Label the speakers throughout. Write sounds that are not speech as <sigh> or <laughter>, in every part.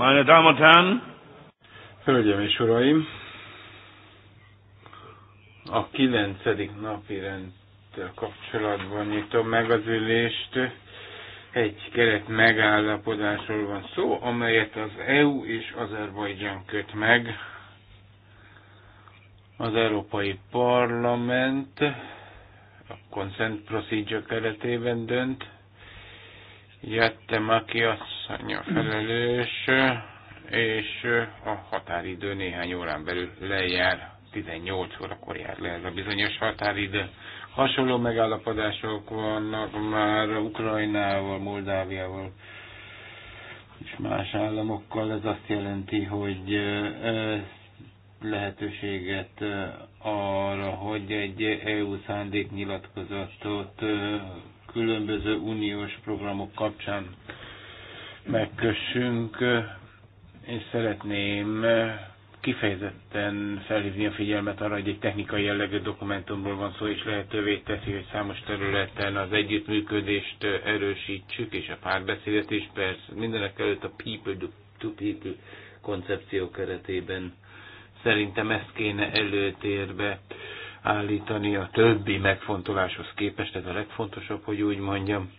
Speaker 1: Meine Damen und Herren, Hölgyeim és Uraim, a kilencedik napi rendtel kapcsolatban nyitom meg az ülést. Egy keret megállapodásról van szó, amelyet az EU és Azerbajdzsán köt meg. Az Európai Parlament a Consent Procedure keretében dönt, jöttem, aki asszony a felelős, és a határidő néhány órán belül lejár, 18 órakor jár le ez a bizonyos határidő. Hasonló megállapodások vannak már Ukrajnával, Moldáviával és más államokkal. Ez azt jelenti, hogy lehetőséget arra, hogy egy EU szándéknyilatkozatot különböző uniós programok kapcsán megkössünk, Én szeretném kifejezetten felhívni a figyelmet arra, hogy egy technikai jellegű dokumentumból van szó, és lehetővé teszi, hogy számos területen az együttműködést erősítsük, és a párbeszédet is persze. Mindenek előtt a people to people koncepció keretében szerintem ezt kéne előtérbe állítani a többi megfontoláshoz képest, ez a legfontosabb, hogy úgy mondjam.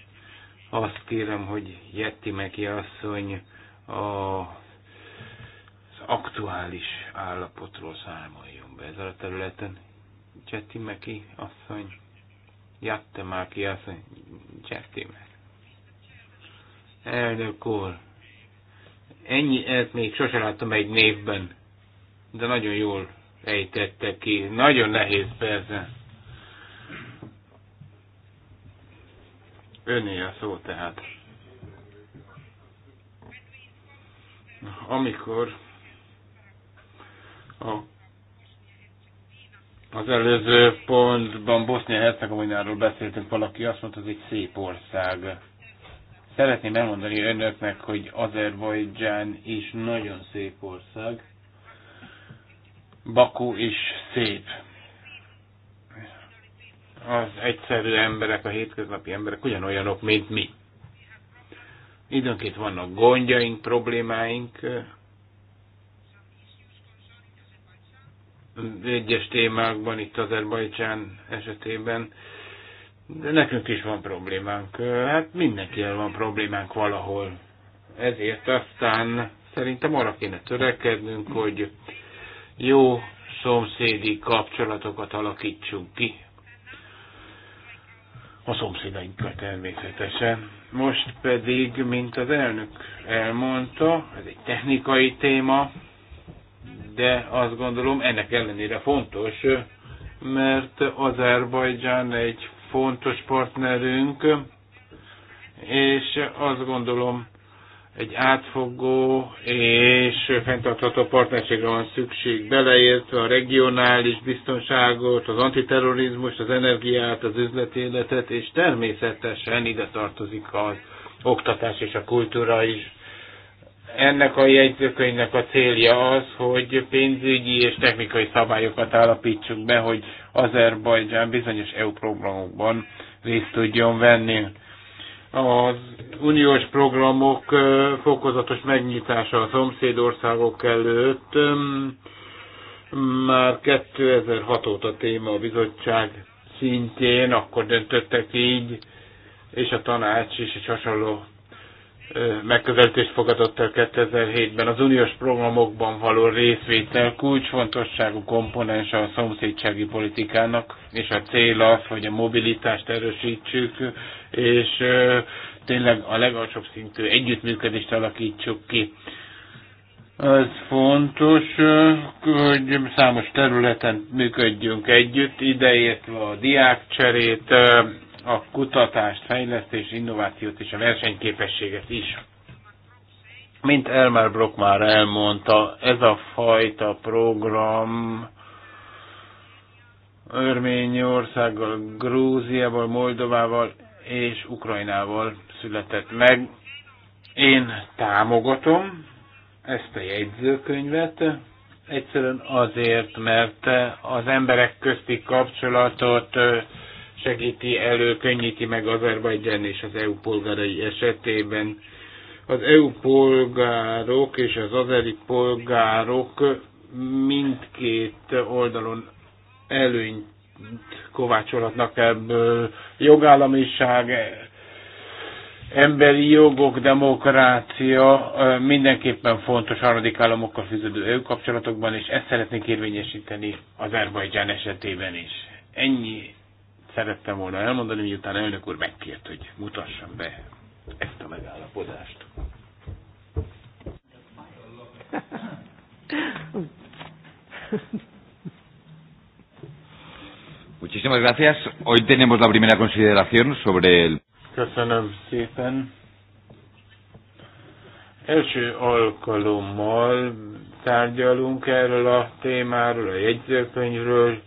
Speaker 1: Azt kérem, hogy Jetti Meki asszony a, az aktuális állapotról számoljon be ezzel a területen. Jetti Meki asszony, Jette Meki asszony, Jetti Meki. Elnök úr, ennyi, ezt még sose láttam egy névben, de nagyon jól ejtette ki. Nagyon nehéz persze. Öné a szó tehát. Amikor a, az előző pontban Bosznia-Hercegovináról beszéltünk, valaki azt mondta, hogy egy szép ország. Szeretném elmondani önöknek, hogy Azerbajdzsán is nagyon szép ország Bakú is szép. Az egyszerű emberek, a hétköznapi emberek ugyanolyanok, mint mi. Időnként vannak gondjaink, problémáink, egyes témákban, itt Azerbajcsán esetében, de nekünk is van problémánk. Hát mindenkivel van problémánk valahol. Ezért aztán szerintem arra kéne törekednünk, hogy jó szomszédi kapcsolatokat alakítsunk ki. A szomszédainkkal természetesen. Most pedig, mint az elnök elmondta, ez egy technikai téma, de azt gondolom ennek ellenére fontos, mert Azerbajdzsán egy fontos partnerünk, és azt gondolom egy átfogó és fenntartható partnerségre van szükség, beleértve a regionális biztonságot, az antiterrorizmust, az energiát, az üzleti életet és természetesen ide tartozik az oktatás és a kultúra is. Ennek a jegyzőkönyvnek a célja az, hogy pénzügyi és technikai szabályokat állapítsunk be, hogy Azerbajdzsán bizonyos EU programokban részt tudjon venni az uniós programok fokozatos megnyitása a szomszédországok előtt már 2006 óta téma a bizottság szintjén, akkor döntöttek így, és a tanács is és hasonló megközelítést fogadott el 2007-ben. Az uniós programokban való részvétel kulcsfontosságú komponens a szomszédsági politikának, és a cél az, hogy a mobilitást erősítsük, és tényleg a legalsóbb szintű együttműködést alakítsuk ki. Ez fontos, hogy számos területen működjünk együtt, ideértve a diákcserét, a kutatást, fejlesztés, innovációt és a versenyképességet is. Mint Elmer Brock már elmondta, ez a fajta program Örményországgal, Grúziával, Moldovával és Ukrajnával született meg. Én támogatom ezt a jegyzőkönyvet, egyszerűen azért, mert az emberek közti kapcsolatot segíti elő, könnyíti meg Azerbajdzsán és az EU polgárai esetében. Az EU polgárok és az azeri polgárok mindkét oldalon előnyt kovácsolhatnak ebből. Jogállamiság, emberi jogok, demokrácia mindenképpen fontos harmadik államokkal fűződő EU kapcsolatokban, és ezt szeretnék érvényesíteni Azerbajdzsán esetében is. Ennyi szerettem volna elmondani, miután elnök úr megkért, hogy mutassam be ezt a megállapodást.
Speaker 2: Muchísimas gracias. Hoy tenemos la primera consideración sobre el.
Speaker 1: Köszönöm szépen. Első alkalommal tárgyalunk erről a témáról, a jegyzőkönyvről,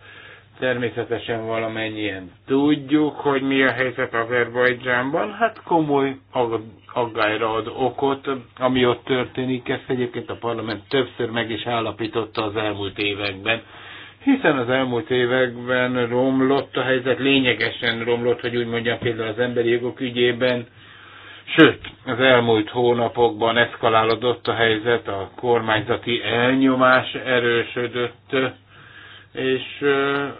Speaker 1: Természetesen valamennyien tudjuk, hogy mi a helyzet Azerbajdzsánban. Hát komoly aggályra ad okot, ami ott történik. Ezt egyébként a parlament többször meg is állapította az elmúlt években. Hiszen az elmúlt években romlott a helyzet, lényegesen romlott, hogy úgy mondjam például az emberi jogok ügyében, Sőt, az elmúlt hónapokban eszkalálódott a helyzet, a kormányzati elnyomás erősödött, és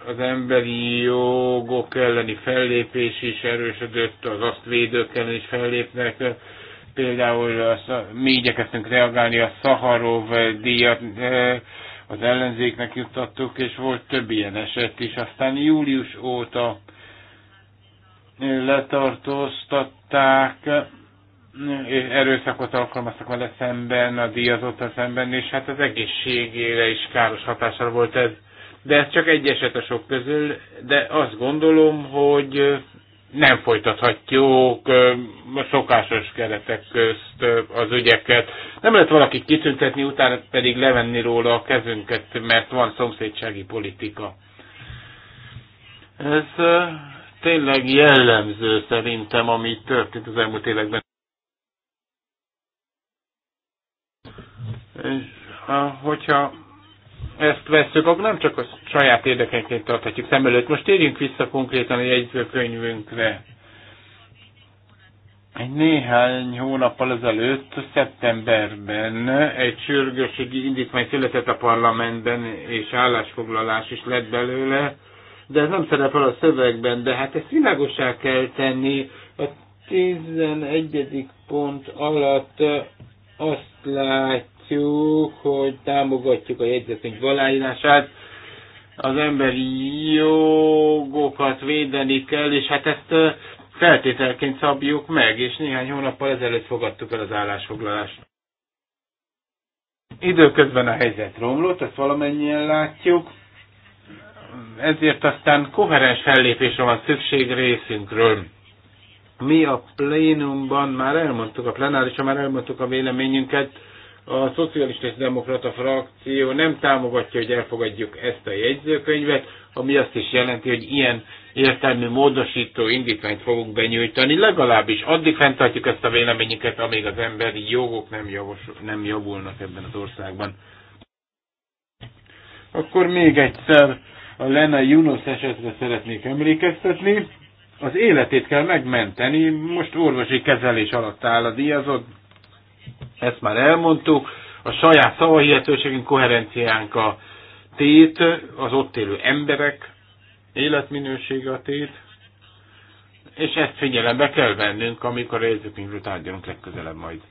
Speaker 1: az emberi jogok elleni fellépés is erősödött, az azt védők ellen is fellépnek. Például mi igyekeztünk reagálni a Szaharov díjat, az ellenzéknek juttattuk, és volt több ilyen eset is. Aztán július óta letartóztatták, erőszakot alkalmaztak vele szemben, a díjazottal szemben, és hát az egészségére is káros hatással volt ez de ez csak egy eset a sok közül, de azt gondolom, hogy nem folytathatjuk a szokásos keretek közt az ügyeket. Nem lehet valaki kitüntetni, utána pedig levenni róla a kezünket, mert van szomszédsági politika. Ez tényleg jellemző szerintem, ami történt az elmúlt években. És, hogyha ezt veszük, akkor nem csak a saját érdekenként tarthatjuk szem előtt. Most térjünk vissza konkrétan a jegyzőkönyvünkre. Egy néhány hónappal ezelőtt, szeptemberben egy sürgősségi indítvány született a parlamentben, és állásfoglalás is lett belőle, de ez nem szerepel a szövegben, de hát ezt világosá kell tenni. A 11. pont alatt azt lát, frakció, hogy támogatjuk a jegyzetünk aláírását, az emberi jogokat védeni kell, és hát ezt feltételként szabjuk meg, és néhány hónappal ezelőtt fogadtuk el az állásfoglalást. Időközben a helyzet romlott, ezt valamennyien látjuk, ezért aztán koherens fellépésre van szükség részünkről. Mi a plénumban már elmondtuk, a plenárisra már elmondtuk a véleményünket, a szocialista és demokrata frakció nem támogatja, hogy elfogadjuk ezt a jegyzőkönyvet, ami azt is jelenti, hogy ilyen értelmű módosító indítványt fogunk benyújtani, legalábbis addig fenntartjuk ezt a véleményünket, amíg az emberi jogok nem, javos, nem javulnak ebben az országban. Akkor még egyszer a Lena Junos esetre szeretnék emlékeztetni. Az életét kell megmenteni, most orvosi kezelés alatt áll a díjazott, ezt már elmondtuk, a saját szavahihetőségünk, koherenciánk a tét, az ott élő emberek életminősége a tét, és ezt figyelembe kell vennünk, amikor a jegyzőkönyvről tárgyalunk legközelebb majd.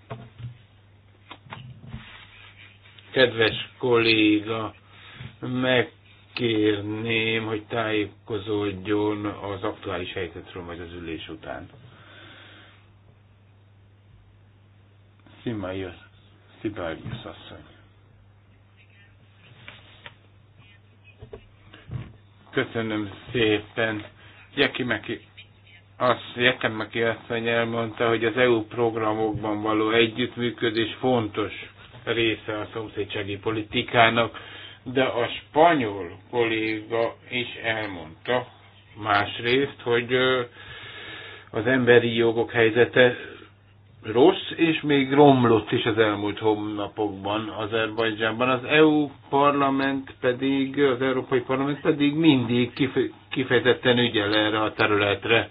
Speaker 1: Kedves kolléga, megkérném, hogy tájékozódjon az aktuális helyzetről majd az ülés után. Szimaius, Szibálius asszony. Köszönöm szépen. Jeki Meki, azt, Jekem Meki asszony elmondta, hogy az EU programokban való együttműködés fontos része a szomszédsági politikának, de a spanyol kolléga is elmondta másrészt, hogy az emberi jogok helyzete rossz, és még romlott is az elmúlt hónapokban Azerbajdzsánban. Az EU parlament pedig, az Európai Parlament pedig mindig kifejezetten ügyel erre a területre.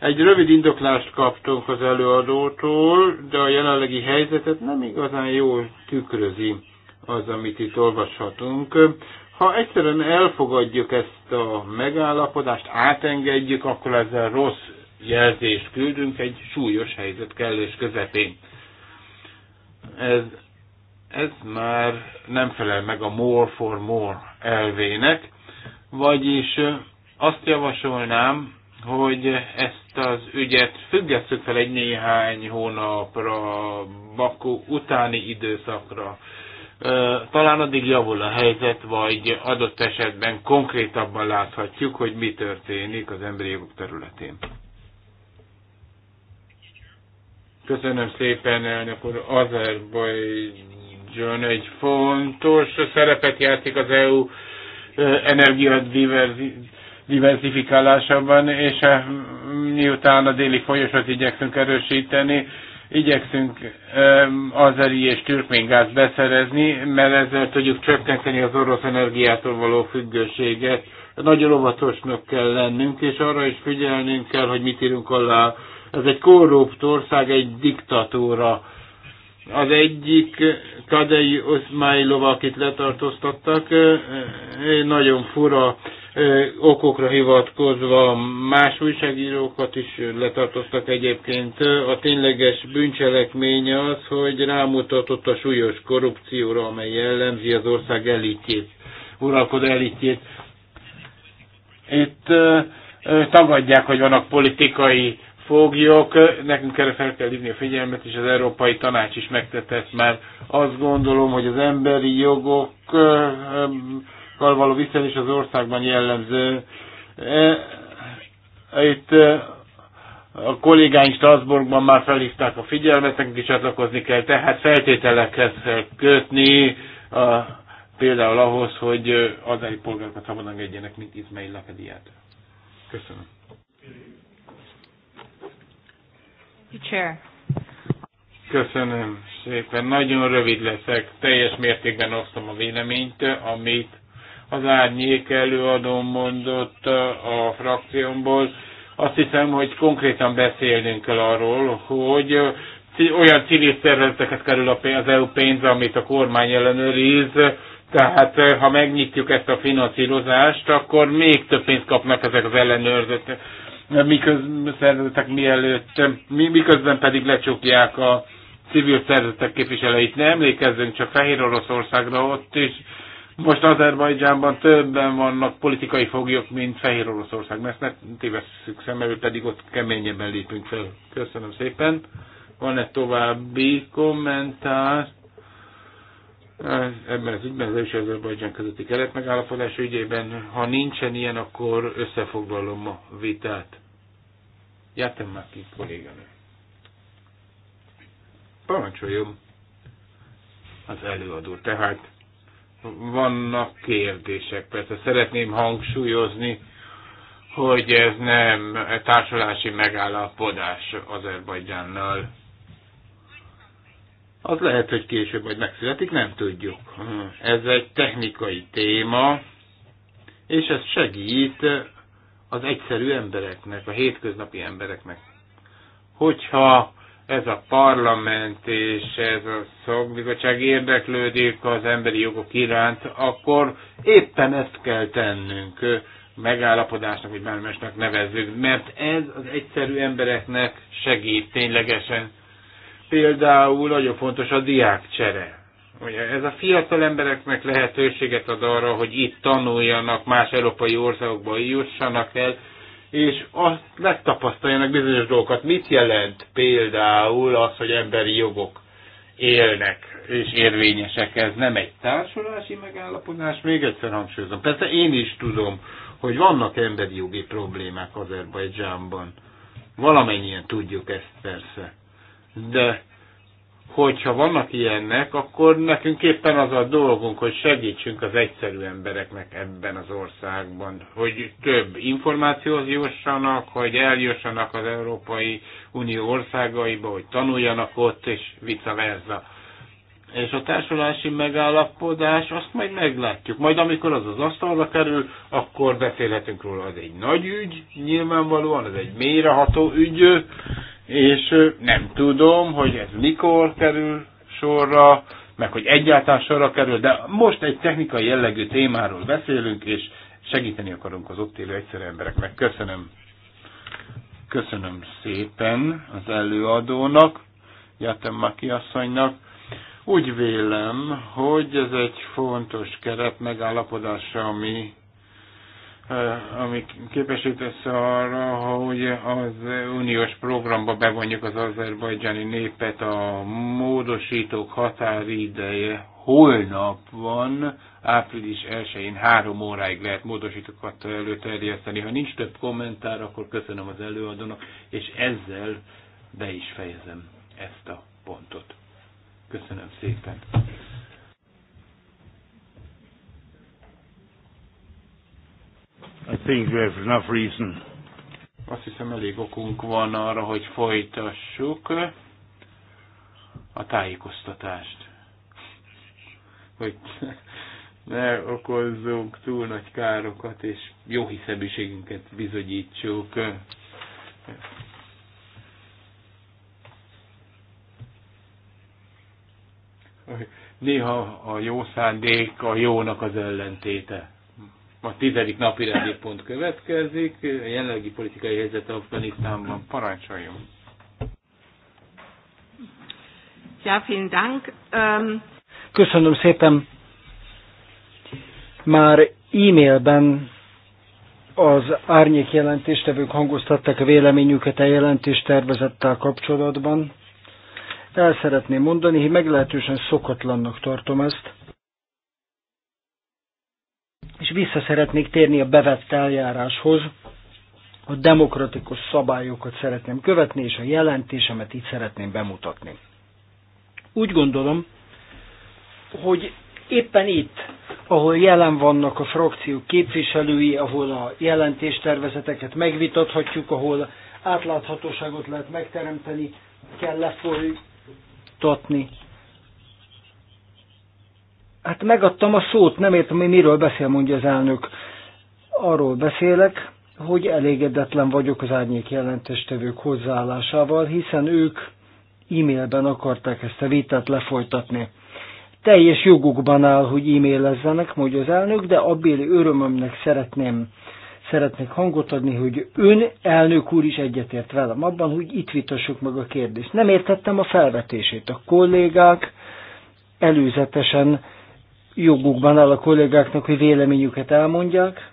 Speaker 1: Egy rövid indoklást kaptunk az előadótól, de a jelenlegi helyzetet nem igazán jól tükrözi az, amit itt olvashatunk. Ha egyszerűen elfogadjuk ezt a megállapodást, átengedjük, akkor ezzel rossz jelzést küldünk egy súlyos helyzet kellős közepén. Ez, ez már nem felel meg a more for more elvének, vagyis azt javasolnám, hogy ezt az ügyet függesszük fel egy néhány hónapra, Bakó utáni időszakra. Talán addig javul a helyzet, vagy adott esetben konkrétabban láthatjuk, hogy mi történik az emberi jogok területén. Köszönöm szépen, elnök úr. Azerbajdzsán egy fontos szerepet játszik az EU energiadiverzifikálásában, és miután a déli folyosat igyekszünk erősíteni, igyekszünk azeri és türkmén gáz beszerezni, mert ezzel tudjuk csökkenteni az orosz energiától való függőséget. Nagyon óvatosnak kell lennünk, és arra is figyelnünk kell, hogy mit írunk alá ez egy korrupt ország, egy diktatúra. Az egyik Kadei Oszmájlov, akit letartóztattak, nagyon fura okokra hivatkozva más újságírókat is letartóztak egyébként. A tényleges bűncselekmény az, hogy rámutatott a súlyos korrupcióra, amely jellemzi az ország elitjét, uralkodó elitjét. Itt tagadják, hogy vannak politikai foglyok, nekünk erre fel kell hívni a figyelmet, és az Európai Tanács is megtette már. Azt gondolom, hogy az emberi jogokkal való viszonyos az országban jellemző. E, e, itt a kollégáink Strasbourgban már felhívták a figyelmet, nekünk is csatlakozni kell, tehát feltételekhez kell kötni, a, például ahhoz, hogy az polgárokat szabadon engedjenek, mint Izmail Lakadiát. Köszönöm. Köszönöm szépen. Nagyon rövid leszek. Teljes mértékben osztom a véleményt, amit az árnyék előadó mondott a frakciómból. Azt hiszem, hogy konkrétan beszélnünk kell arról, hogy olyan civil szervezeteket kerül az EU pénz, amit a kormány ellenőriz, tehát ha megnyitjuk ezt a finanszírozást, akkor még több pénzt kapnak ezek az ellenőrzők miközben szervezetek mielőtt, miközben pedig lecsukják a civil szervezetek képviseleit. Ne emlékezzünk csak Fehér Oroszországra, ott is most Azerbajdzsánban többen vannak politikai foglyok, mint Fehér Oroszország. Mert ezt ne tévesszük szemmel, pedig ott keményebben lépünk fel. Köszönöm szépen. Van-e további kommentár? ebben az ügyben, az EU Azerbajdzsán közötti megállapodás ügyében. Ha nincsen ilyen, akkor összefoglalom a vitát. Jártam már ki, kolléganő. Parancsoljon az előadó. Tehát vannak kérdések, persze szeretném hangsúlyozni, hogy ez nem társulási megállapodás Azerbajdzsánnal az lehet, hogy később majd megszületik, nem tudjuk. Ez egy technikai téma, és ez segít az egyszerű embereknek, a hétköznapi embereknek. Hogyha ez a parlament és ez a szakbizottság érdeklődik az emberi jogok iránt, akkor éppen ezt kell tennünk, megállapodásnak, vagy bármestnek nevezzük, mert ez az egyszerű embereknek segít ténylegesen. Például nagyon fontos a diákcsere. Ugye ez a fiatal embereknek lehetőséget ad arra, hogy itt tanuljanak, más európai országokba jussanak el, és azt megtapasztaljanak bizonyos dolgokat. Mit jelent például az, hogy emberi jogok élnek és érvényesek? Ez nem egy társulási megállapodás, még egyszer hangsúlyozom. Persze én is tudom, hogy vannak emberi jogi problémák Azerbajdzsánban. Valamennyien tudjuk ezt persze de hogyha vannak ilyennek, akkor nekünk éppen az a dolgunk, hogy segítsünk az egyszerű embereknek ebben az országban, hogy több információhoz jussanak, hogy eljussanak az Európai Unió országaiba, hogy tanuljanak ott, és vice versa. És a társulási megállapodás, azt majd meglátjuk. Majd amikor az az asztalra kerül, akkor beszélhetünk róla. Az egy nagy ügy, nyilvánvalóan, az egy mélyreható ügy, és nem tudom, hogy ez mikor kerül sorra, meg hogy egyáltalán sorra kerül, de most egy technikai jellegű témáról beszélünk, és segíteni akarunk az ott élő egyszerű embereknek. Köszönöm. Köszönöm szépen az előadónak, Jatem Maki asszonynak. Úgy vélem, hogy ez egy fontos keret megállapodása, ami ami képesít össze arra, hogy az uniós programba bevonjuk az azerbajdzsáni népet, a módosítók határideje
Speaker 3: holnap
Speaker 1: van, április 1-én három óráig lehet módosítókat előterjeszteni. Ha nincs több kommentár, akkor köszönöm az előadónak, és ezzel be is fejezem ezt a pontot. Köszönöm szépen! I think we have enough reason. Azt hiszem elég okunk van arra, hogy folytassuk a tájékoztatást. Hogy ne okozzunk túl nagy károkat, és jó hiszeműségünket bizonyítsuk. Néha a jó szándék a jónak az ellentéte. A tizedik napi rendi pont következik. A jelenlegi politikai helyzet Afganisztánban. Parancsoljon!
Speaker 2: Ja, vielen Dank. Um... Köszönöm
Speaker 3: szépen. Már e-mailben az árnyék jelentéstevők hangoztattak a véleményüket a tervezettel kapcsolatban. El szeretném mondani, hogy meglehetősen szokatlannak tartom ezt. És vissza szeretnék térni a bevett eljáráshoz, a demokratikus szabályokat szeretném követni, és a jelentésemet itt szeretném bemutatni. Úgy gondolom, hogy éppen itt, ahol jelen vannak a frakciók képviselői, ahol a jelentéstervezeteket megvitathatjuk, ahol átláthatóságot lehet megteremteni, kell lefolytatni Hát megadtam a szót, nem értem, hogy miről beszél, mondja az elnök. Arról beszélek, hogy elégedetlen vagyok az árnyék jelentéstevők hozzáállásával, hiszen ők e-mailben akarták ezt a vitát lefolytatni. Teljes jogukban áll, hogy e-mailezzenek, mondja az elnök, de abbéli örömömnek szeretném, szeretnék hangot adni, hogy ön elnök úr is egyetért velem abban, hogy itt vitassuk meg a kérdést. Nem értettem a felvetését. A kollégák előzetesen jogukban áll a kollégáknak, hogy véleményüket elmondják.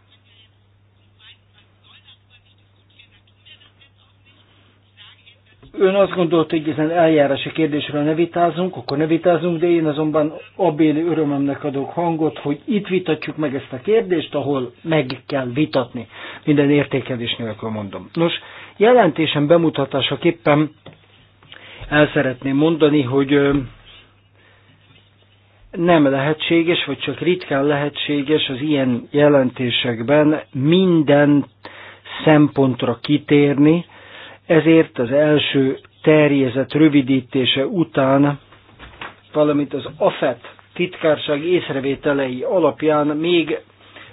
Speaker 3: Ön azt gondolta, hogy ezen eljárási kérdésről ne vitázunk, akkor ne vitázunk, de én azonban abéli örömemnek adok hangot, hogy itt vitatjuk meg ezt a kérdést, ahol meg kell vitatni. Minden értékelés nélkül mondom. Nos, jelentésem bemutatásaképpen el szeretném mondani, hogy nem lehetséges, vagy csak ritkán lehetséges az ilyen jelentésekben minden szempontra kitérni, ezért az első terjezet rövidítése után, valamint az AFET titkárság észrevételei alapján még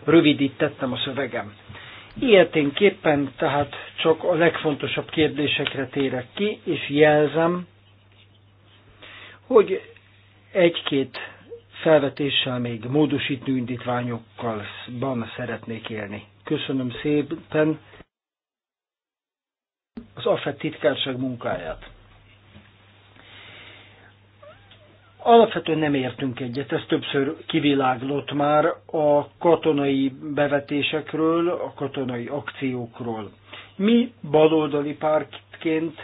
Speaker 3: rövidítettem a szövegem. Ilyeténképpen tehát csak a legfontosabb kérdésekre térek ki, és jelzem, hogy egy-két felvetéssel, még módosítő indítványokkal ban szeretnék élni. Köszönöm szépen az AFET titkárság munkáját. Alapvetően nem értünk egyet, ez többször kiviláglott már a katonai bevetésekről, a katonai akciókról. Mi baloldali pártként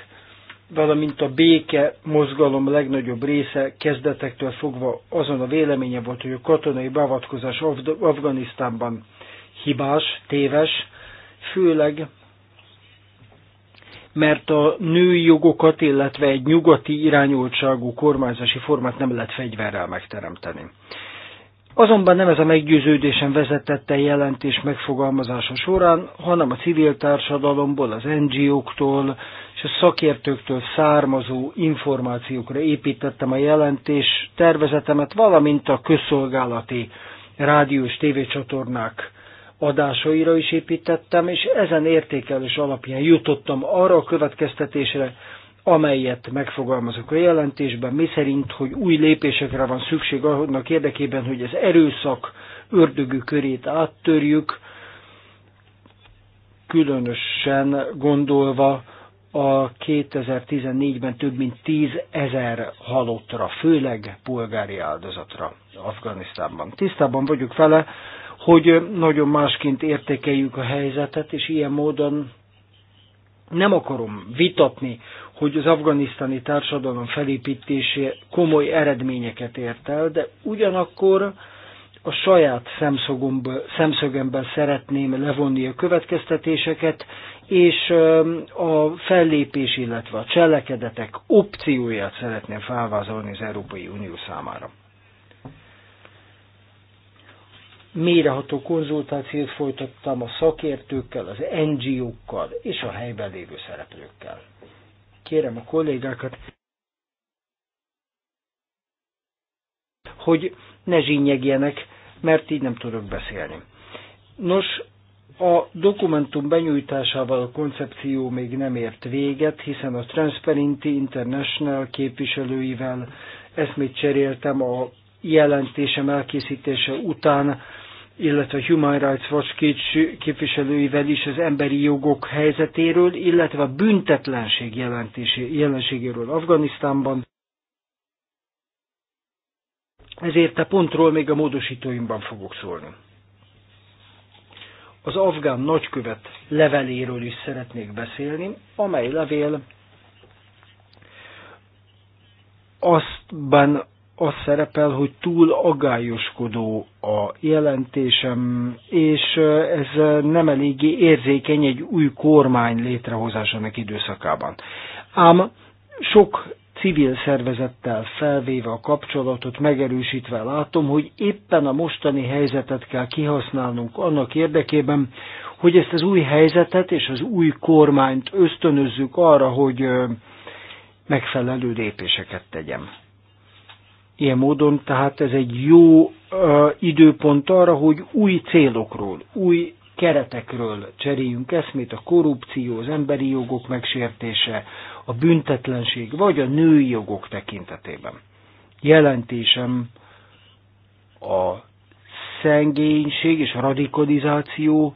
Speaker 3: valamint a béke mozgalom legnagyobb része kezdetektől fogva azon a véleménye volt, hogy a katonai beavatkozás Af- Afganisztánban hibás, téves, főleg mert a női jogokat, illetve egy nyugati irányultságú kormányzási formát nem lehet fegyverrel megteremteni. Azonban nem ez a meggyőződésen vezetett el jelentés megfogalmazása során, hanem a civil társadalomból, az NGO-któl és a szakértőktől származó információkra építettem a jelentés tervezetemet, valamint a közszolgálati rádiós tévécsatornák adásaira is építettem, és ezen értékelés alapján jutottam arra a következtetésre, amelyet megfogalmazok a jelentésben, mi szerint, hogy új lépésekre van szükség annak érdekében, hogy az erőszak ördögű körét áttörjük, különösen gondolva a 2014-ben több mint 10 ezer halottra, főleg polgári áldozatra Afganisztánban. Tisztában vagyok vele, hogy nagyon másként értékeljük a helyzetet, és ilyen módon nem akarom vitatni, hogy az afganisztani társadalom felépítése komoly eredményeket ért el, de ugyanakkor a saját szemszögemben szeretném levonni a következtetéseket, és a fellépés, illetve a cselekedetek opcióját szeretném felvázolni az Európai Unió számára. Méreható konzultációt folytattam a szakértőkkel, az NGO-kkal és a helyben lévő szereplőkkel kérem a kollégákat, hogy ne zsínyegjenek, mert így nem tudok beszélni. Nos, a dokumentum benyújtásával a koncepció még nem ért véget, hiszen a Transparency International képviselőivel eszmét cseréltem a jelentésem elkészítése után, illetve a Human Rights Watch képviselőivel is az emberi jogok helyzetéről, illetve a büntetlenség jelenségéről Afganisztánban. Ezért a pontról még a módosítóimban fogok szólni. Az afgán nagykövet leveléről is szeretnék beszélni, amely levél aztban az szerepel, hogy túl agályoskodó a jelentésem, és ez nem eléggé érzékeny egy új kormány létrehozásának időszakában. Ám sok civil szervezettel felvéve a kapcsolatot, megerősítve látom, hogy éppen a mostani helyzetet kell kihasználnunk annak érdekében, hogy ezt az új helyzetet és az új kormányt ösztönözzük arra, hogy megfelelő lépéseket tegyem. Ilyen módon tehát ez egy jó ö, időpont arra, hogy új célokról, új keretekről cseréljünk eszmét, a korrupció, az emberi jogok megsértése, a büntetlenség vagy a női jogok tekintetében. Jelentésem a szengénység és a radikalizáció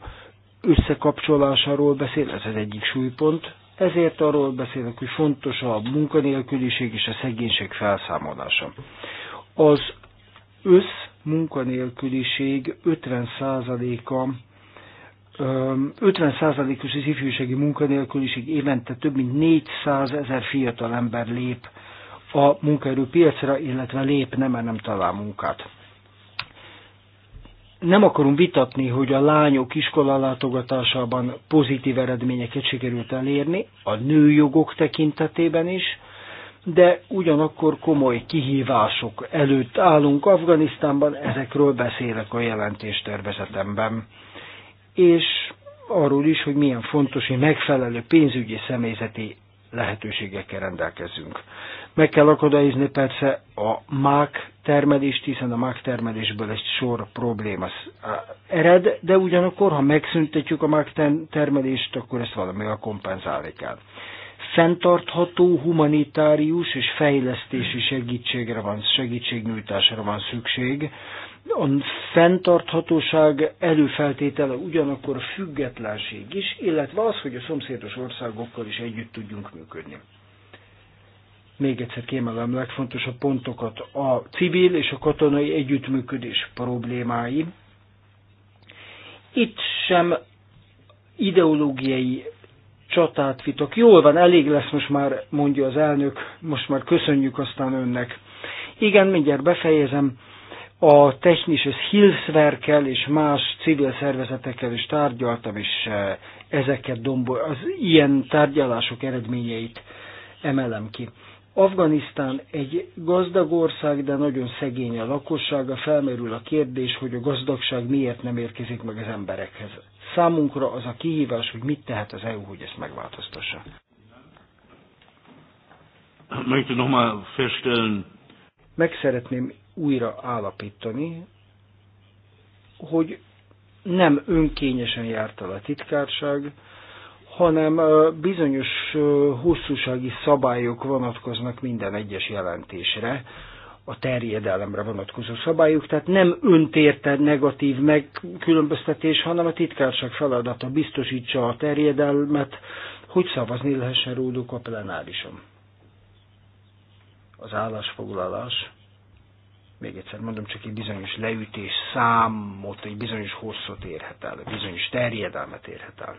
Speaker 3: összekapcsolásáról beszél, ez az egyik súlypont, ezért arról beszélek, hogy fontos a munkanélküliség és a szegénység felszámolása. Az össz munkanélküliség 50%-a 50%-os az ifjúsági munkanélküliség évente több mint 400 ezer fiatal ember lép a munkaerőpiacra, illetve lépne, mert nem talál munkát nem akarom vitatni, hogy a lányok iskolalátogatásában pozitív eredményeket sikerült elérni, a nőjogok tekintetében is, de ugyanakkor komoly kihívások előtt állunk Afganisztánban, ezekről beszélek a jelentéstervezetemben. És arról is, hogy milyen fontos, hogy megfelelő pénzügyi személyzeti lehetőségekkel rendelkezünk. Meg kell akadályozni persze a mák termelést, hiszen a magtermelésből egy sor probléma ered, de ugyanakkor, ha megszüntetjük a magtermelést, akkor ezt valamivel kompenzálni kell. Fentartható humanitárius és fejlesztési segítségre van, segítségnyújtásra van szükség. A fenntarthatóság előfeltétele ugyanakkor a függetlenség is, illetve az, hogy a szomszédos országokkal is együtt tudjunk működni. Még egyszer kiemelem legfontosabb pontokat. A civil és a katonai együttműködés problémái. Itt sem ideológiai csatát vitok. Jól van, elég lesz most már, mondja az elnök, most már köszönjük aztán önnek. Igen, mindjárt befejezem. A és Hilszverkel és más civil szervezetekkel is tárgyaltam, és e, ezeket dombol, az ilyen tárgyalások eredményeit emelem ki. Afganisztán egy gazdag ország, de nagyon szegény a lakossága, felmerül a kérdés, hogy a gazdagság miért nem érkezik meg az emberekhez. Számunkra az a kihívás, hogy mit tehet az EU, hogy ezt megváltoztassa. Meg szeretném újra állapítani, hogy nem önkényesen járt el a titkárság, hanem bizonyos hosszúsági szabályok vonatkoznak minden egyes jelentésre, a terjedelemre vonatkozó szabályok, tehát nem öntérte negatív megkülönböztetés, hanem a titkárság feladata biztosítsa a terjedelmet, hogy szavazni lehessen róluk a plenárison. Az állásfoglalás, még egyszer mondom, csak egy bizonyos leütés számot, egy bizonyos hosszot érhet el, egy bizonyos terjedelmet érhet el.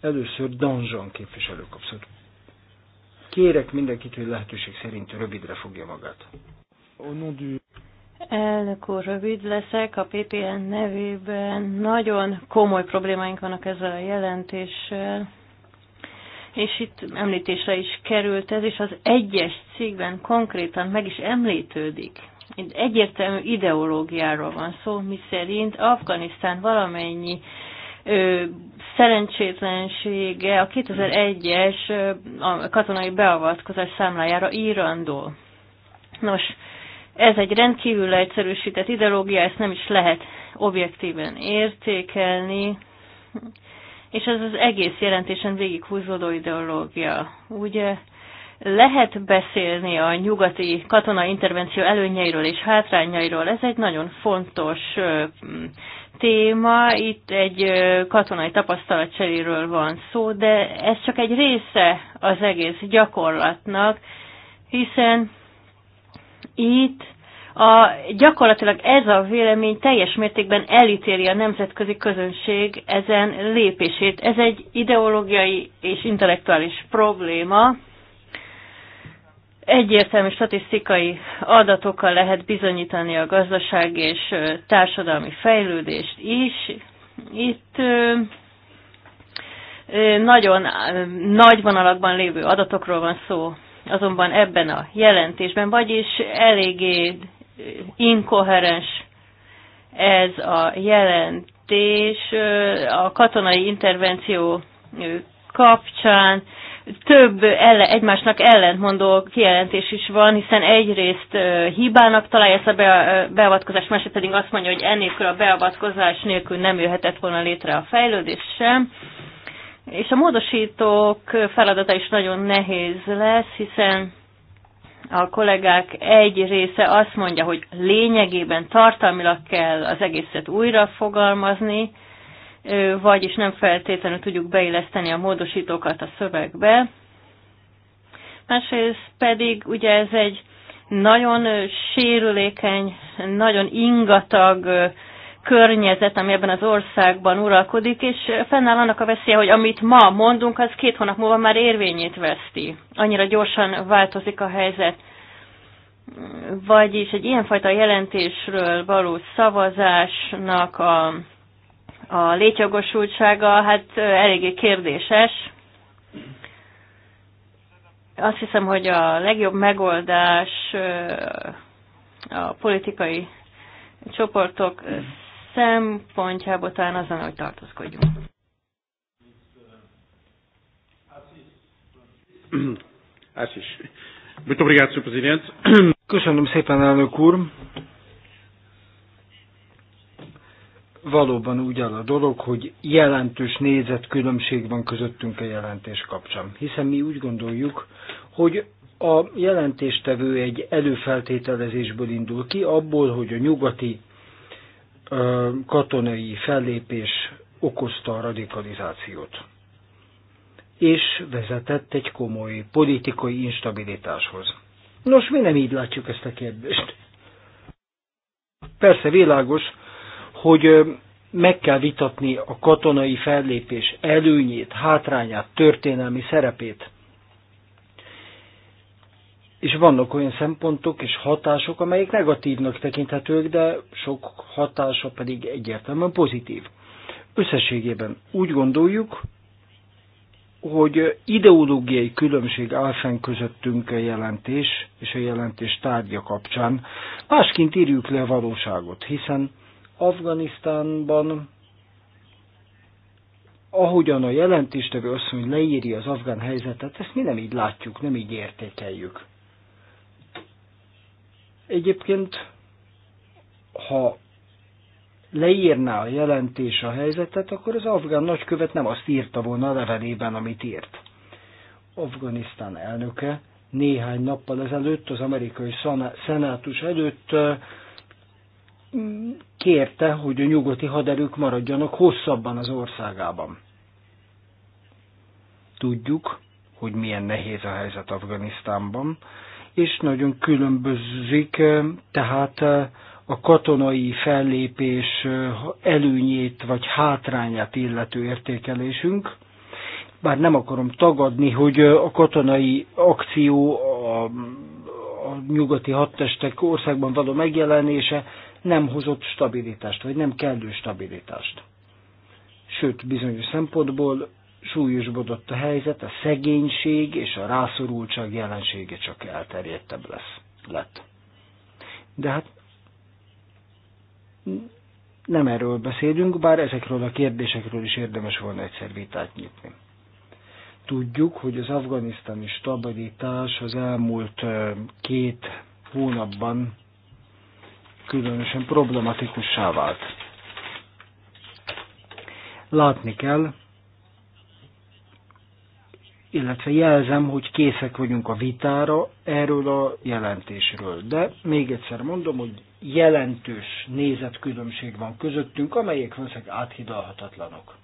Speaker 3: Először Danzsan képviselő kapszott. Kérek mindenkit, hogy lehetőség szerint rövidre fogja magát.
Speaker 2: Elnök úr, rövid leszek. A PPN nevében nagyon komoly problémáink vannak ezzel a jelentéssel, és itt említésre is került ez, és az egyes cikkben konkrétan meg is említődik. egyértelmű ideológiáról van szó, miszerint Afganisztán valamennyi szerencsétlensége a 2001-es katonai beavatkozás számlájára írandó. Nos, ez egy rendkívül egyszerűsített ideológia, ezt nem is lehet objektíven értékelni, és ez az egész jelentésen végighúzódó ideológia. Ugye lehet beszélni a nyugati katona intervenció előnyeiről és hátrányairól, ez egy nagyon fontos téma, itt egy katonai tapasztalatcseréről van szó, de ez csak egy része az egész gyakorlatnak, hiszen itt a, gyakorlatilag ez a vélemény teljes mértékben elítéli a nemzetközi közönség ezen lépését. Ez egy ideológiai és intellektuális probléma, egyértelmű statisztikai adatokkal lehet bizonyítani a gazdaság és társadalmi fejlődést is. Itt nagyon nagy vonalakban lévő adatokról van szó, azonban ebben a jelentésben, vagyis eléggé inkoherens ez a jelentés a katonai intervenció kapcsán több ellen, egymásnak ellentmondó kijelentés is van, hiszen egyrészt hibának találja ezt a be, beavatkozást, másrészt pedig azt mondja, hogy ennélkül a beavatkozás nélkül nem jöhetett volna létre a fejlődés sem. És a módosítók feladata is nagyon nehéz lesz, hiszen a kollégák egy része azt mondja, hogy lényegében tartalmilag kell az egészet újra fogalmazni, vagyis nem feltétlenül tudjuk beilleszteni a módosítókat a szövegbe. Másrészt pedig ugye ez egy nagyon sérülékeny, nagyon ingatag környezet, ami ebben az országban uralkodik, és fennáll annak a veszélye, hogy amit ma mondunk, az két hónap múlva már érvényét veszti. Annyira gyorsan változik a helyzet. Vagyis egy ilyenfajta jelentésről való szavazásnak a a létjogosultsága hát eléggé kérdéses. Azt hiszem, hogy a legjobb megoldás a politikai csoportok szempontjából talán azon, hogy tartózkodjunk.
Speaker 1: Muito obrigado, Presidente.
Speaker 3: Köszönöm szépen, elnök úr. valóban úgy áll a dolog, hogy jelentős nézetkülönbség van közöttünk a jelentés kapcsán. Hiszen mi úgy gondoljuk, hogy a jelentéstevő egy előfeltételezésből indul ki, abból, hogy a nyugati ö, katonai fellépés okozta a radikalizációt, és vezetett egy komoly politikai instabilitáshoz. Nos, mi nem így látjuk ezt a kérdést. Persze világos, hogy meg kell vitatni a katonai fellépés előnyét, hátrányát, történelmi szerepét. És vannak olyan szempontok és hatások, amelyek negatívnak tekinthetők, de sok hatása pedig egyértelműen pozitív. Összességében úgy gondoljuk, hogy ideológiai különbség áll fenn közöttünk a jelentés és a jelentés tárgya kapcsán. Másként írjuk le a valóságot, hiszen Afganisztánban, ahogyan a jelentéstevő asszony leírja az afgán helyzetet, ezt mi nem így látjuk, nem így értékeljük. Egyébként, ha leírná a jelentés a helyzetet, akkor az afgán nagykövet nem azt írta volna a levelében, amit írt. Afganisztán elnöke néhány nappal ezelőtt az amerikai szenátus előtt mm, kérte, hogy a nyugati haderők maradjanak hosszabban az országában. Tudjuk, hogy milyen nehéz a helyzet Afganisztánban, és nagyon különbözik, eh, tehát eh, a katonai fellépés eh, előnyét vagy hátrányát illető értékelésünk. Bár nem akarom tagadni, hogy a katonai akció, a, a nyugati hadtestek országban való megjelenése nem hozott stabilitást, vagy nem kellő stabilitást. Sőt, bizonyos szempontból súlyosbodott a helyzet, a szegénység és a rászorultság jelensége csak elterjedtebb lesz, lett. De hát nem erről beszélünk, bár ezekről a kérdésekről is érdemes volna egyszer vitát nyitni. Tudjuk, hogy az afganisztáni stabilitás az elmúlt két hónapban különösen problematikussá vált. Látni kell, illetve jelzem, hogy készek vagyunk a vitára erről a jelentésről. De még egyszer mondom, hogy jelentős nézetkülönbség van közöttünk, amelyek valószínűleg áthidalhatatlanok.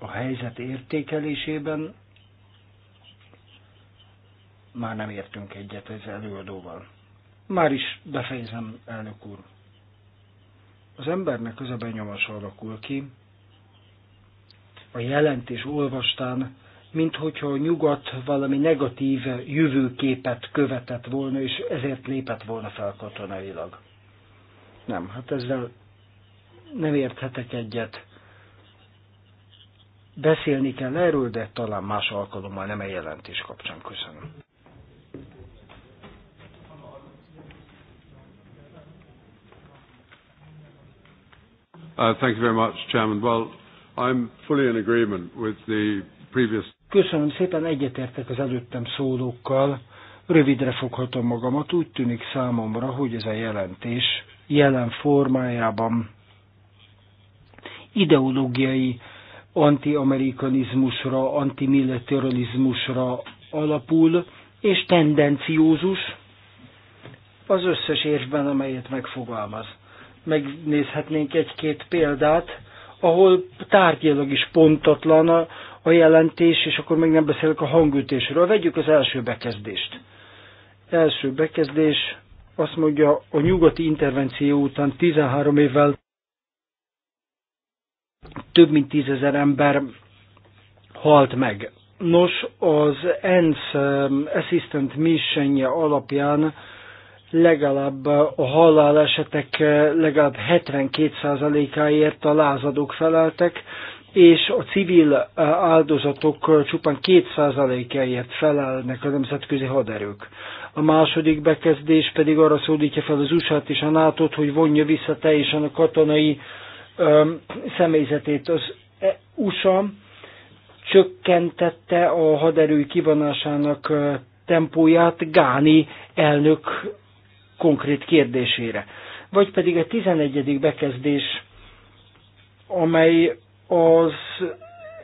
Speaker 3: A helyzet értékelésében már nem értünk egyet az előadóval. Már is befejezem, elnök úr. Az embernek az a benyomás alakul ki, a jelentés olvastán, mint hogyha a nyugat valami negatív jövőképet követett volna, és ezért lépett volna fel katonailag. Nem, hát ezzel nem érthetek egyet. Beszélni kell erről, de talán más alkalommal nem a jelentés kapcsán. Köszönöm. Uh, thank you very much, Chairman. Well, I'm fully in agreement with the previous... Köszönöm szépen, egyetértek az előttem szólókkal. Rövidre foghatom magamat, úgy tűnik számomra, hogy ez a jelentés jelen formájában ideológiai antiamerikanizmusra, antimilitarizmusra alapul, és tendenciózus az összes érvben, amelyet megfogalmaz megnézhetnénk egy-két példát, ahol tárgyilag is pontatlan a, a jelentés, és akkor még nem beszélek a hangütésről. Vegyük az első bekezdést. Első bekezdés azt mondja, a nyugati intervenció után 13 évvel több mint tízezer ember halt meg. Nos, az ENSZ um, Assistant mission alapján legalább a halál esetek legalább 72%-áért a lázadók feleltek, és a civil áldozatok csupán 2%-áért felelnek a nemzetközi haderők. A második bekezdés pedig arra szólítja fel az usa és a nato hogy vonja vissza teljesen a katonai öm, személyzetét. Az USA csökkentette a haderő kivonásának tempóját Gáni elnök konkrét kérdésére. Vagy pedig a 11. bekezdés, amely az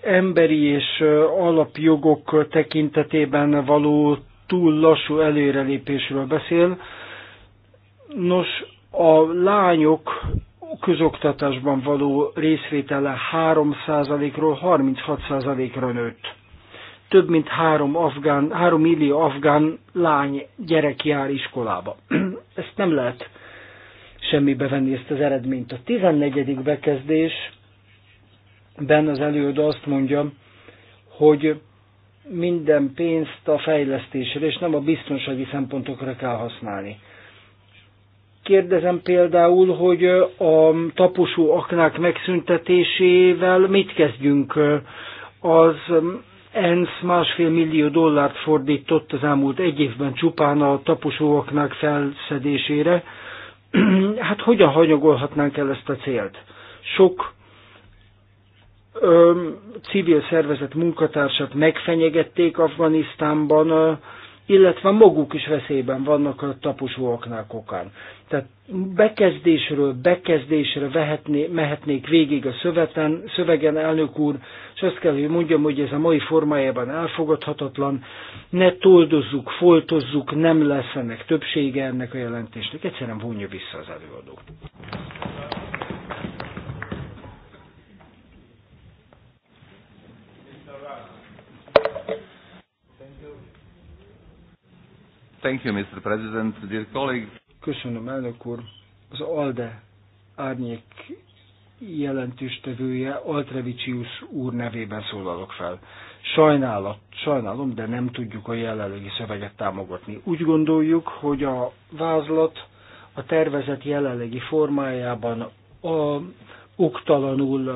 Speaker 3: emberi és alapjogok tekintetében való túl lassú előrelépésről beszél. Nos, a lányok közoktatásban való részvétele 3%-ról 36%-ra nőtt. Több mint 3, afgán, 3 millió afgán lány gyerek jár iskolába ezt nem lehet semmibe venni ezt az eredményt. A 14. bekezdésben az előadó azt mondja, hogy minden pénzt a fejlesztésre, és nem a biztonsági szempontokra kell használni. Kérdezem például, hogy a taposó aknák megszüntetésével mit kezdjünk az ENSZ másfél millió dollárt fordított az elmúlt egy évben csupán a taposóaknak felszedésére. <clears throat> Hát hogyan hanyagolhatnánk el ezt a célt? Sok ö, civil szervezet munkatársat megfenyegették Afganisztánban, ö, illetve maguk is veszélyben vannak a taposóaknál okán. Tehát bekezdésről bekezdésre vehetné, mehetnék végig a szöveten, szövegen, elnök úr, és azt kell, hogy mondjam, hogy ez a mai formájában elfogadhatatlan, ne toldozzuk, foltozzuk, nem lesz ennek többsége ennek a jelentésnek, egyszerűen vonja vissza az előadó. Thank you, Mr. President. Dear colleagues. Köszönöm, elnök úr. Az ALDE árnyék jelentőstevője Altrevicius úr nevében szólalok fel. Sajnálat, sajnálom, de nem tudjuk a jelenlegi szöveget támogatni. Úgy gondoljuk, hogy a vázlat a tervezet jelenlegi formájában a, oktalanul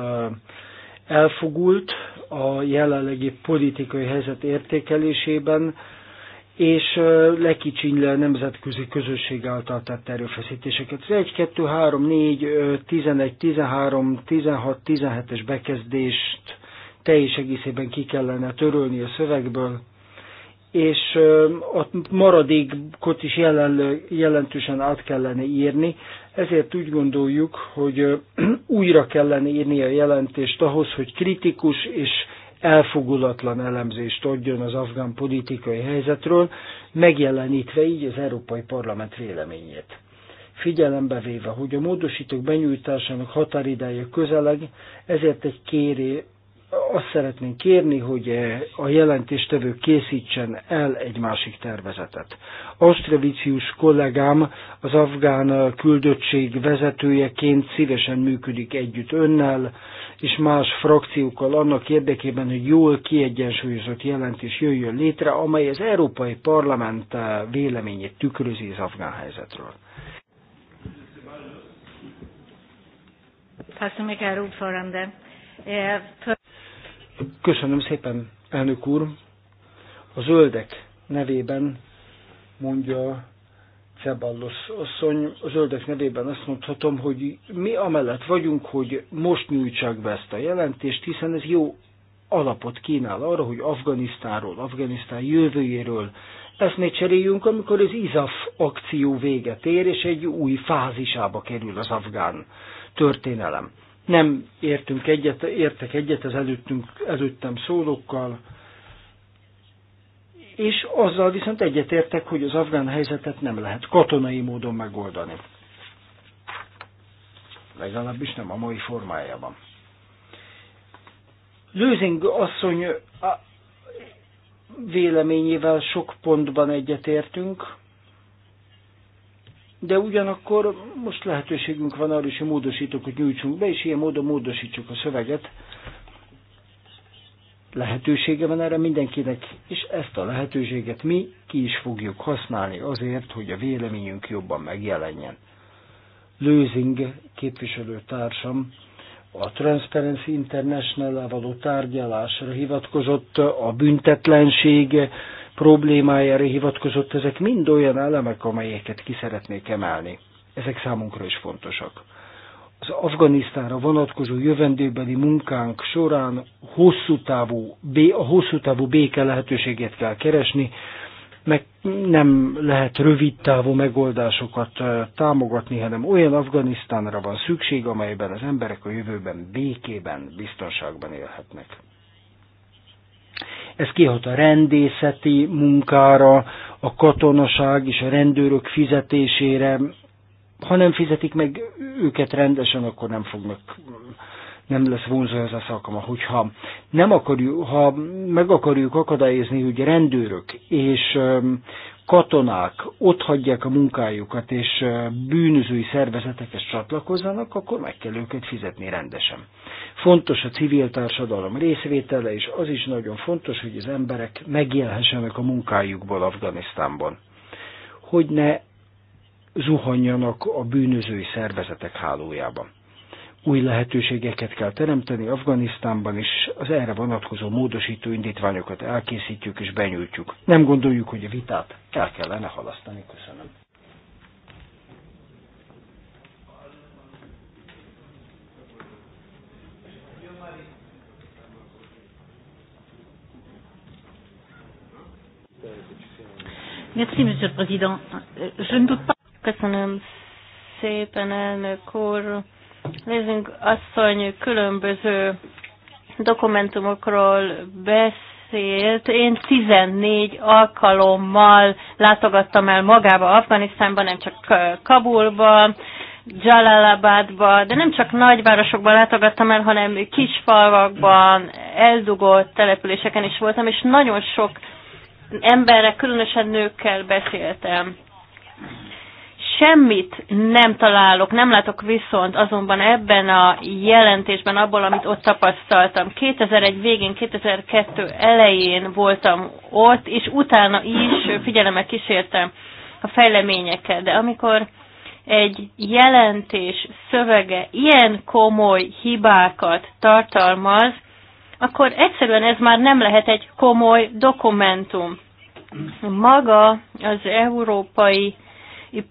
Speaker 3: elfogult a jelenlegi politikai helyzet értékelésében, és lekicsinyli nemzetközi közösség által tett erőfeszítéseket. Az 1, 2, 3, 4, 11, 13, 16, 17-es bekezdést teljes egészében ki kellene törölni a szövegből, és a maradékot is jelen, jelentősen át kellene írni, ezért úgy gondoljuk, hogy <clears throat> újra kellene írni a jelentést ahhoz, hogy kritikus és elfogulatlan elemzést adjon az afgán politikai helyzetről, megjelenítve így az Európai Parlament véleményét. Figyelembe véve, hogy a módosítók benyújtásának határideje közeleg, ezért egy kéré, azt szeretnénk kérni, hogy eh, a jelentéstevő készítsen el egy másik tervezetet. Austravicius kollégám az afgán eh, küldöttség vezetőjeként szívesen működik együtt önnel és más frakciókkal annak érdekében, hogy jól kiegyensúlyozott jelentés jöjjön létre, amely az Európai Parlament eh, véleményét tükrözi az afgán helyzetről.
Speaker 2: Köszönöm, Herr Úrforande.
Speaker 3: Köszönöm szépen, elnök úr. A zöldek nevében mondja Ceballos asszony, a zöldek nevében azt mondhatom, hogy mi amellett vagyunk, hogy most nyújtsák be ezt a jelentést, hiszen ez jó alapot kínál arra, hogy Afganisztánról, Afganisztán jövőjéről eszmét cseréljünk, amikor az ISAF akció véget ér, és egy új fázisába kerül az afgán történelem. Nem értünk egyet, értek egyet az előttünk, előttem szólókkal, és azzal viszont egyetértek, hogy az afgán helyzetet nem lehet katonai módon megoldani. Legalábbis nem a mai formájában. Lőzing asszony véleményével sok pontban egyetértünk, de ugyanakkor most lehetőségünk van arra is, hogy módosítókat nyújtsunk be, és ilyen módon módosítsuk a szöveget. Lehetősége van erre mindenkinek, és ezt a lehetőséget mi ki is fogjuk használni azért, hogy a véleményünk jobban megjelenjen. Lőzing képviselőtársam a Transparency international való tárgyalásra hivatkozott a büntetlenség problémájára hivatkozott, ezek mind olyan elemek, amelyeket ki szeretnék emelni. Ezek számunkra is fontosak. Az Afganisztánra vonatkozó jövendőbeli munkánk során hosszú távú, a hosszú távú béke lehetőségét kell keresni, meg nem lehet rövid távú megoldásokat támogatni, hanem olyan Afganisztánra van szükség, amelyben az emberek a jövőben békében, biztonságban élhetnek. Ez kihat a rendészeti munkára, a katonaság és a rendőrök fizetésére. Ha nem fizetik meg őket rendesen, akkor nem fognak nem lesz vonzó ez a szakma. Hogyha nem akarjuk, ha meg akarjuk akadályozni, hogy rendőrök és katonák ott hagyják a munkájukat, és bűnözői szervezetekhez csatlakozzanak, akkor meg kell őket fizetni rendesen. Fontos a civil társadalom részvétele, és az is nagyon fontos, hogy az emberek megélhessenek a munkájukból Afganisztánban. Hogy ne zuhanjanak a bűnözői szervezetek hálójában új lehetőségeket kell teremteni Afganisztánban is, az erre vonatkozó módosító indítványokat elkészítjük és benyújtjuk. Nem gondoljuk, hogy a vitát el kellene halasztani. Köszönöm.
Speaker 2: Merci, Monsieur le Président. Euh, je ne doute pas. Köszönöm szépen, elnök úr. Nézzünk asszony különböző dokumentumokról beszélt. Én 14 alkalommal látogattam el magába Afganisztánban, nem csak Kabulban, Jalalabadba, de nem csak nagyvárosokban látogattam el, hanem kis falvakban, eldugott településeken is voltam, és nagyon sok emberre, különösen nőkkel beszéltem semmit nem találok, nem látok viszont azonban ebben a jelentésben abból, amit ott tapasztaltam. 2001 végén, 2002 elején voltam ott, és utána is figyelemmel kísértem a fejleményeket. De amikor egy jelentés szövege ilyen komoly hibákat tartalmaz, akkor egyszerűen ez már nem lehet egy komoly dokumentum. Maga az európai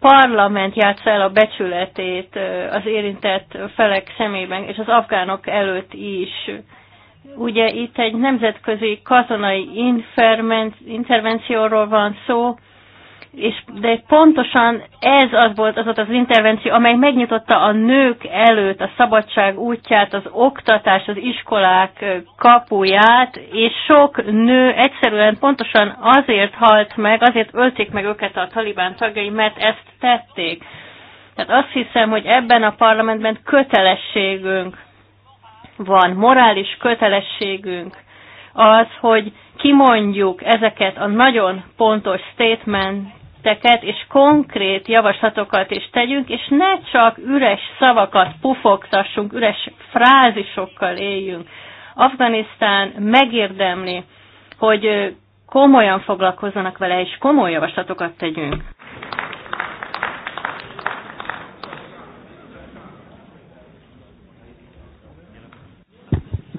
Speaker 2: parlament játsza el a becsületét az érintett felek szemében, és az afgánok előtt is. Ugye itt egy nemzetközi katonai intervencióról van szó, és de pontosan ez az volt az ott az intervenció, amely megnyitotta a nők előtt a szabadság útját, az oktatás, az iskolák kapuját, és sok nő egyszerűen pontosan azért halt meg, azért ölték meg őket a talibán tagjai, mert ezt tették. Tehát azt hiszem, hogy ebben a parlamentben kötelességünk van, morális kötelességünk az, hogy kimondjuk ezeket a nagyon pontos statement lépéseket és konkrét javaslatokat is tegyünk, és ne csak üres szavakat pufogtassunk, üres frázisokkal éljünk. Afganisztán megérdemli, hogy komolyan foglalkozzanak vele, és komoly javaslatokat tegyünk.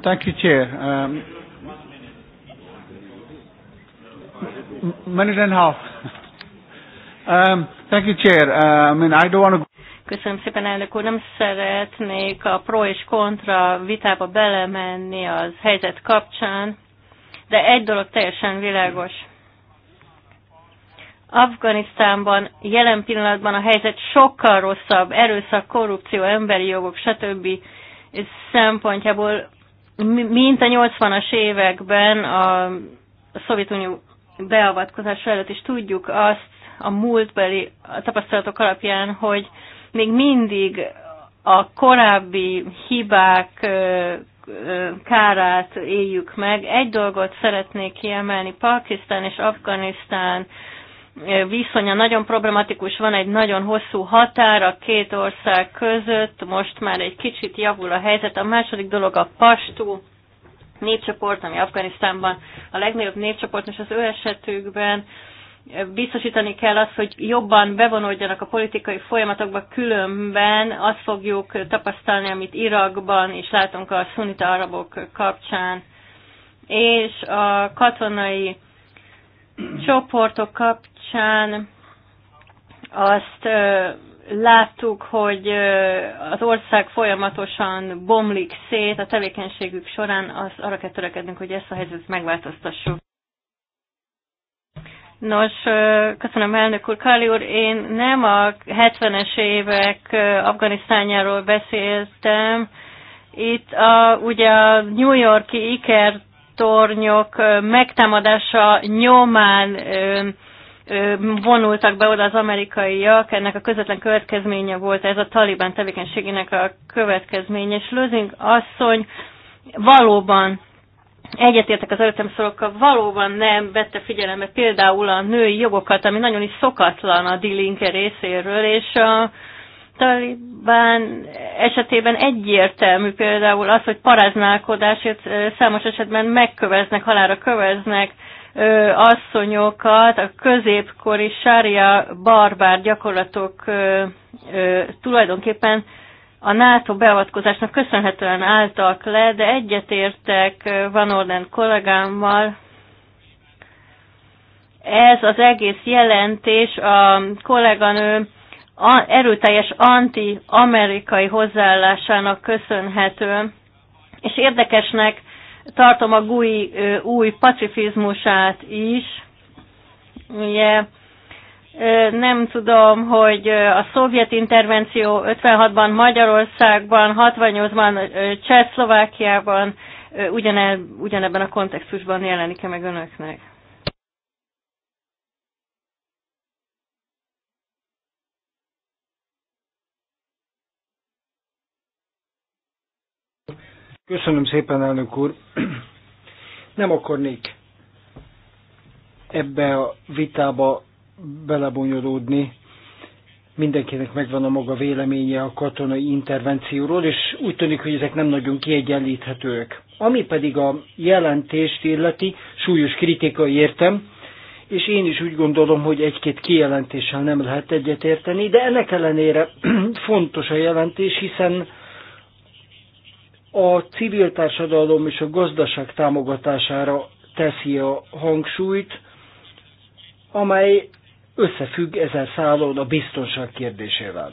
Speaker 1: Thank you, Chair. Um, minute and a half.
Speaker 3: Um, thank you, Chair. Uh, I mean, I don't want to...
Speaker 2: Köszönöm szépen, elnök úr. Nem szeretnék a pro és kontra vitába belemenni az helyzet kapcsán, de egy dolog teljesen világos. Afganisztánban jelen pillanatban a helyzet sokkal rosszabb, erőszak, korrupció, emberi jogok, stb. szempontjából, mint a 80-as években a Szovjetunió beavatkozása előtt is tudjuk azt, a múltbeli tapasztalatok alapján, hogy még mindig a korábbi hibák kárát éljük meg. Egy dolgot szeretnék kiemelni, Pakisztán és Afganisztán viszonya nagyon problematikus, van egy nagyon hosszú határ a két ország között, most már egy kicsit javul a helyzet. A második dolog a pastú népcsoport, ami Afganisztánban a legnagyobb népcsoport, és az ő esetükben biztosítani kell azt, hogy jobban bevonódjanak a politikai folyamatokba, különben azt fogjuk tapasztalni, amit Irakban is látunk a szunita arabok kapcsán, és a katonai csoportok kapcsán azt láttuk, hogy az ország folyamatosan bomlik szét a tevékenységük során, az arra kell törekednünk, hogy ezt a helyzetet megváltoztassuk. Nos, köszönöm elnök úr. Kali úr, én nem a 70-es évek Afganisztánjáról beszéltem. Itt a, ugye a New Yorki ikertornyok megtámadása nyomán vonultak be oda az amerikaiak, ennek a közvetlen következménye volt ez a taliban tevékenységének a következménye, és Lőzing asszony valóban egyetértek az előttem szorokkal, valóban nem vette figyelembe például a női jogokat, ami nagyon is szokatlan a D-Linke részéről, és a Talibán esetében egyértelmű például az, hogy paráználkodásért számos esetben megköveznek, halára köveznek asszonyokat, a középkori sária barbár gyakorlatok tulajdonképpen a NATO beavatkozásnak köszönhetően álltak le, de egyetértek Van Orden kollégámmal, ez az egész jelentés a kolléganő erőteljes anti-amerikai hozzáállásának köszönhető, és érdekesnek tartom a GUI új pacifizmusát is. Ugye nem tudom, hogy a szovjet intervenció 56-ban Magyarországban, 68-ban Csehszlovákiában ugyane, ugyanebben a kontextusban jelenik-e meg önöknek?
Speaker 3: Köszönöm szépen, elnök úr. Nem akarnék ebbe a vitába belebonyolódni. Mindenkinek megvan a maga véleménye a katonai intervencióról, és úgy tűnik, hogy ezek nem nagyon kiegyenlíthetőek. Ami pedig a jelentést illeti, súlyos kritika értem, és én is úgy gondolom, hogy egy-két kijelentéssel nem lehet egyetérteni, de ennek ellenére <clears throat> fontos a jelentés, hiszen a civil társadalom és a gazdaság támogatására teszi a hangsúlyt, amely összefügg ezen szállón a biztonság kérdésével.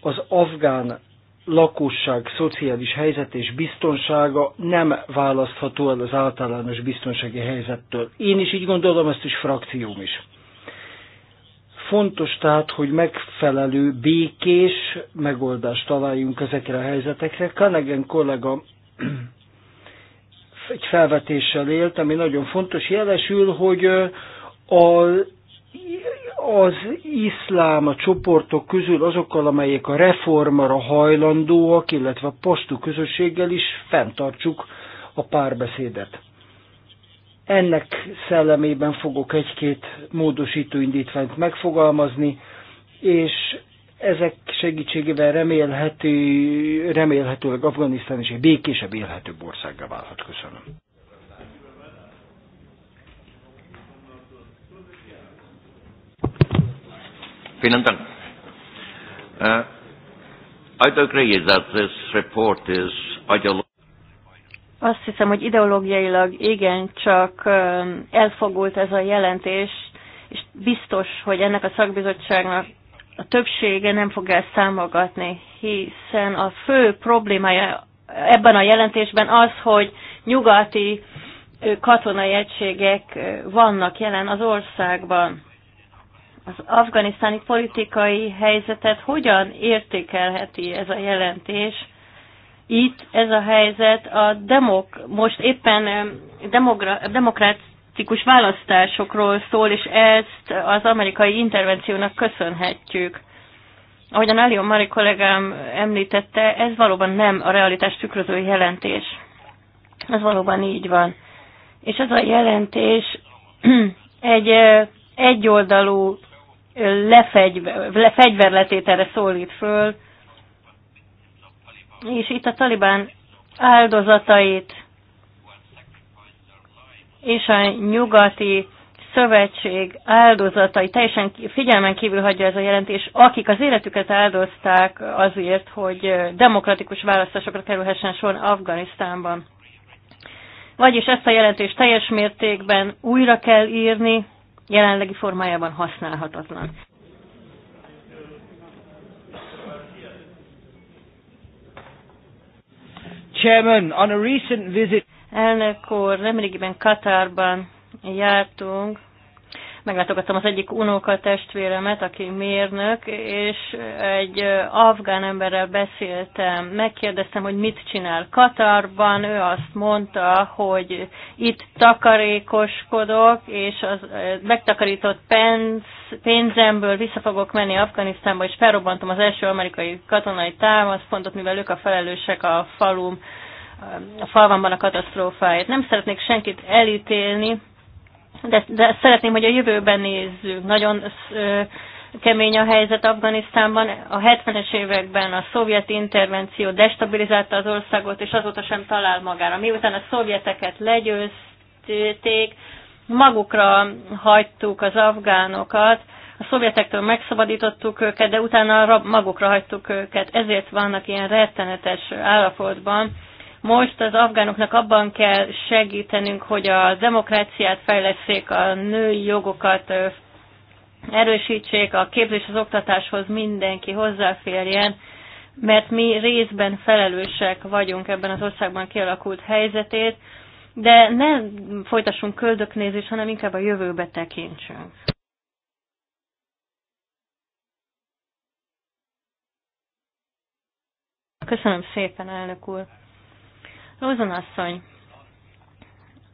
Speaker 3: Az afgán lakosság szociális helyzet és biztonsága nem választható el az általános biztonsági helyzettől. Én is így gondolom, ezt is frakcióm is. Fontos tehát, hogy megfelelő, békés megoldást találjunk ezekre a helyzetekre. Kanegen kollega egy felvetéssel élt, ami nagyon fontos, jelesül, hogy a, az iszlám a csoportok közül azokkal, amelyek a reformra hajlandóak, illetve a pastú közösséggel is fenntartsuk a párbeszédet. Ennek szellemében fogok egy-két módosító indítványt megfogalmazni, és ezek segítségével remélhető, remélhetőleg Afganisztán is egy békésebb, élhetőbb országgá válhat. Köszönöm.
Speaker 1: Vielen Uh, äh,
Speaker 3: I agree that this report is ideological.
Speaker 2: Azt hiszem, hogy ideológiailag igen, csak elfogult ez a jelentés, és biztos, hogy ennek a szakbizottságnak a többsége nem fogja ezt számogatni, hiszen a fő problémája ebben a jelentésben az, hogy nyugati katonai egységek vannak jelen az országban az afganisztáni politikai helyzetet hogyan értékelheti ez a jelentés? Itt ez a helyzet a demok, most éppen demogra, demokratikus választásokról szól, és ezt az amerikai intervenciónak köszönhetjük. Ahogyan Alion Mari kollégám említette, ez valóban nem a realitás tükröző jelentés. Ez valóban így van. És ez a jelentés <clears throat> egy eh, egyoldalú lefegyver, lefegyverletételre szólít föl, és itt a talibán áldozatait és a nyugati szövetség áldozatai teljesen figyelmen kívül hagyja ez a jelentés, akik az életüket áldozták azért, hogy demokratikus választásokra kerülhessen sor Afganisztánban. Vagyis ezt a jelentést teljes mértékben újra kell írni, jelenlegi formájában használhatatlan. Chairman, on a recent visit... Elnök úr, nemrégiben Katárban jártunk, meglátogattam az egyik unoka testvéremet, aki mérnök, és egy afgán emberrel beszéltem, megkérdeztem, hogy mit csinál Katarban, ő azt mondta, hogy itt takarékoskodok, és az megtakarított pénz, pénzemből vissza fogok menni Afganisztánba, és felrobbantom az első amerikai katonai támaszpontot, mivel ők a felelősek a falum, a falvamban a katasztrófáért. Nem szeretnék senkit elítélni, de, de szeretném, hogy a jövőben nézzük. Nagyon kemény a helyzet Afganisztánban. A 70-es években a szovjet intervenció destabilizálta az országot, és azóta sem talál magára. Miután a szovjeteket legyőzték, magukra hagytuk az afgánokat, a szovjetektől megszabadítottuk őket, de utána magukra hagytuk őket. Ezért vannak ilyen rettenetes állapotban most az afgánoknak abban kell segítenünk, hogy a demokráciát fejleszék, a női jogokat erősítsék, a képzés az oktatáshoz mindenki hozzáférjen, mert mi részben felelősek vagyunk ebben az országban kialakult helyzetét, de ne folytassunk köldöknézést, hanem inkább a jövőbe tekintsünk. Köszönöm szépen, elnök úr! Lózon asszony,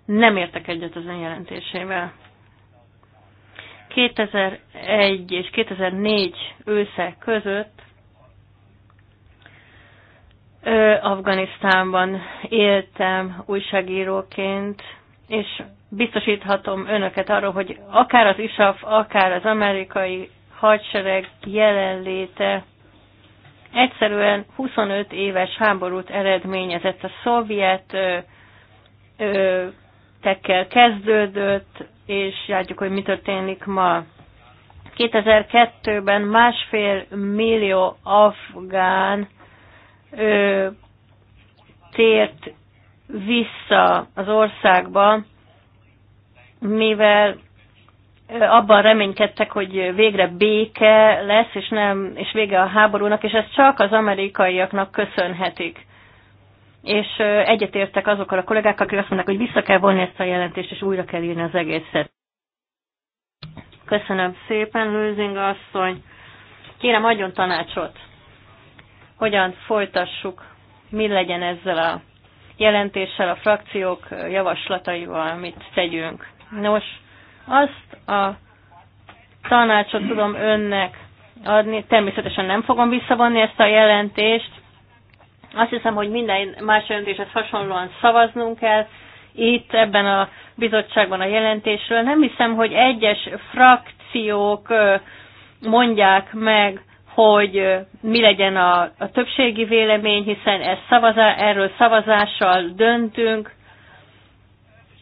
Speaker 2: nem értek egyet az ön jelentésével. 2001 és 2004 ősze között ö, Afganisztánban éltem újságíróként, és biztosíthatom önöket arról, hogy akár az ISAF, akár az amerikai hadsereg jelenléte egyszerűen 25 éves háborút eredményezett a szovjet ö, tekkel kezdődött, és látjuk, hogy mi történik ma. 2002-ben másfél millió afgán ö, tért vissza az országba, mivel abban reménykedtek, hogy végre béke lesz, és, nem, és vége a háborúnak, és ezt csak az amerikaiaknak köszönhetik. És egyetértek azokkal a kollégákkal, akik azt mondják, hogy vissza kell vonni ezt a jelentést, és újra kell írni az egészet. Köszönöm szépen, Lőzing asszony. Kérem, adjon tanácsot, hogyan folytassuk, mi legyen ezzel a jelentéssel, a frakciók javaslataival, mit tegyünk. Nos, azt a tanácsot tudom önnek adni, természetesen nem fogom visszavonni ezt a jelentést. Azt hiszem, hogy minden más jelentéshez hasonlóan szavaznunk kell. Itt ebben a bizottságban a jelentésről. Nem hiszem, hogy egyes frakciók mondják meg, hogy mi legyen a, a többségi vélemény, hiszen ez szavazá, erről szavazással döntünk,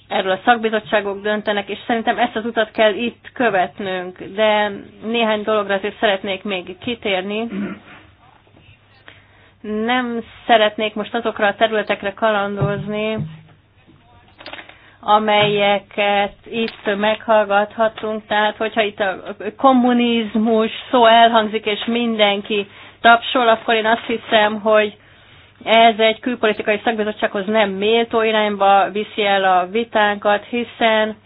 Speaker 2: erről a szakbizottságok döntenek, és szerintem ezt az utat kell itt követnünk. De néhány dologra azért szeretnék még kitérni. Nem szeretnék most azokra a területekre kalandozni, amelyeket itt meghallgathatunk. Tehát, hogyha itt a kommunizmus szó elhangzik, és mindenki tapsol, akkor én azt hiszem, hogy ez egy külpolitikai szakbizottsághoz nem méltó irányba viszi el a vitánkat, hiszen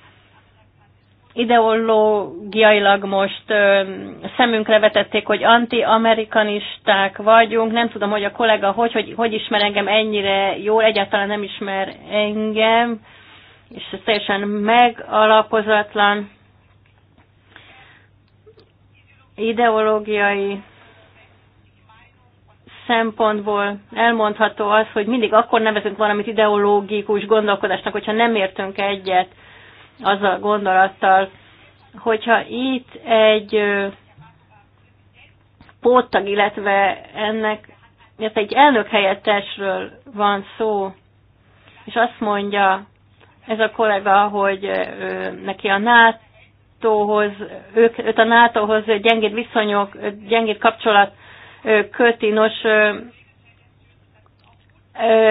Speaker 2: ideológiailag most ö, szemünkre vetették, hogy anti-amerikanisták vagyunk. Nem tudom, hogy a kollega hogy, hogy, hogy ismer engem ennyire jól, egyáltalán nem ismer engem, és ez teljesen megalapozatlan ideológiai szempontból elmondható az, hogy mindig akkor nevezünk valamit ideológikus gondolkodásnak, hogyha nem értünk egyet azzal a gondolattal, hogyha itt egy póttag, illetve ennek, illetve egy elnök helyettesről van szó, és azt mondja ez a kollega, hogy neki a NATO-hoz, őt a NATO-hoz gyengéd viszonyok, gyengéd kapcsolat köti. Nos,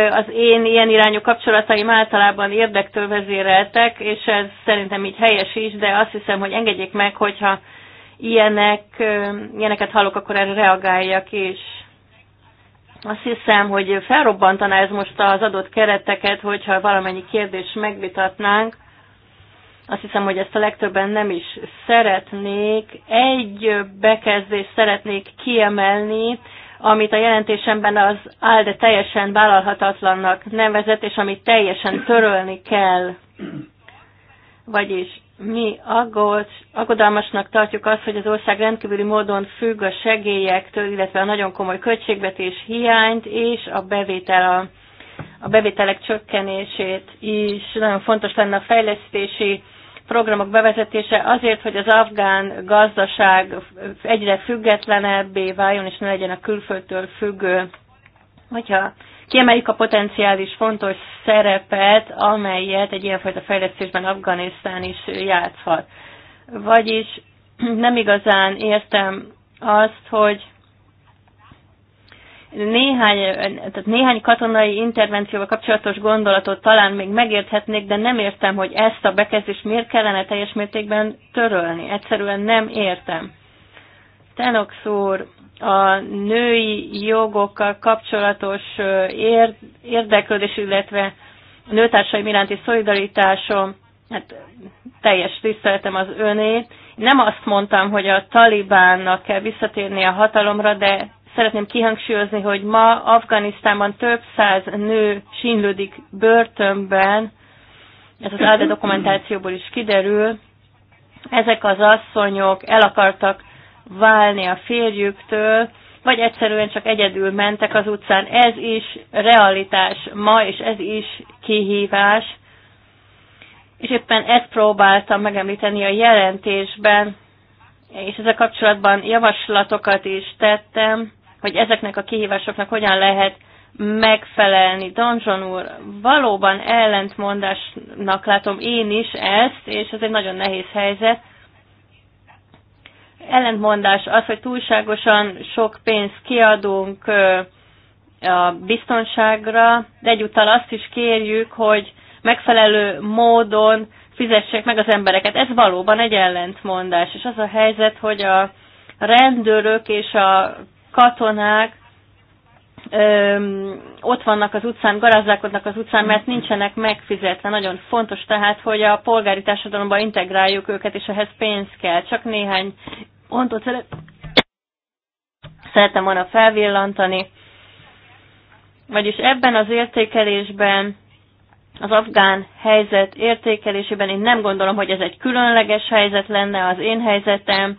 Speaker 2: az én ilyen irányú kapcsolataim általában érdektől vezéreltek, és ez szerintem így helyes is, de azt hiszem, hogy engedjék meg, hogyha ilyenek, ilyeneket hallok, akkor erre reagáljak is. Azt hiszem, hogy felrobbantaná ez most az adott kereteket, hogyha valamennyi kérdést megvitatnánk, azt hiszem, hogy ezt a legtöbben nem is szeretnék. Egy bekezdést szeretnék kiemelni, amit a jelentésemben az ALDE teljesen vállalhatatlannak nevezett, és amit teljesen törölni kell. Vagyis mi aggolt, aggodalmasnak tartjuk azt, hogy az ország rendkívüli módon függ a segélyektől, illetve a nagyon komoly költségvetés hiányt és a bevétel a, a bevételek csökkenését is. Nagyon fontos lenne a fejlesztési programok bevezetése azért, hogy az afgán gazdaság egyre függetlenebbé váljon, és ne legyen a külföldtől függő. Hogyha kiemeljük a potenciális fontos szerepet, amelyet egy ilyenfajta fejlesztésben Afganisztán is játszhat. Vagyis nem igazán értem azt, hogy néhány, tehát néhány katonai intervencióval kapcsolatos gondolatot talán még megérthetnék, de nem értem, hogy ezt a bekezdést miért kellene teljes mértékben törölni. Egyszerűen nem értem. Tenox úr, a női jogokkal kapcsolatos érdeklődés, illetve a nőtársaim iránti szolidaritásom, hát teljes tiszteletem az önét. Nem azt mondtam, hogy a talibánnak kell visszatérni a hatalomra, de Szeretném kihangsúlyozni, hogy ma Afganisztánban több száz nő sínlődik börtönben, ez az ALDE dokumentációból is kiderül, ezek az asszonyok el akartak válni a férjüktől, vagy egyszerűen csak egyedül mentek az utcán. Ez is realitás ma, és ez is kihívás. És éppen ezt próbáltam megemlíteni a jelentésben, és ezzel kapcsolatban javaslatokat is tettem hogy ezeknek a kihívásoknak hogyan lehet megfelelni. Donjon úr, valóban ellentmondásnak látom én is ezt, és ez egy nagyon nehéz helyzet. Ellentmondás az, hogy túlságosan sok pénzt kiadunk a biztonságra, de egyúttal azt is kérjük, hogy megfelelő módon fizessék meg az embereket. Ez valóban egy ellentmondás, és az a helyzet, hogy a rendőrök és a katonák öm, ott vannak az utcán, garázdálkodnak az utcán, mert nincsenek megfizetve. Nagyon fontos tehát, hogy a polgári társadalomba integráljuk őket, és ehhez pénz kell. Csak néhány pontot szeretem volna felvillantani. Vagyis ebben az értékelésben, az afgán helyzet értékelésében én nem gondolom, hogy ez egy különleges helyzet lenne az én helyzetem,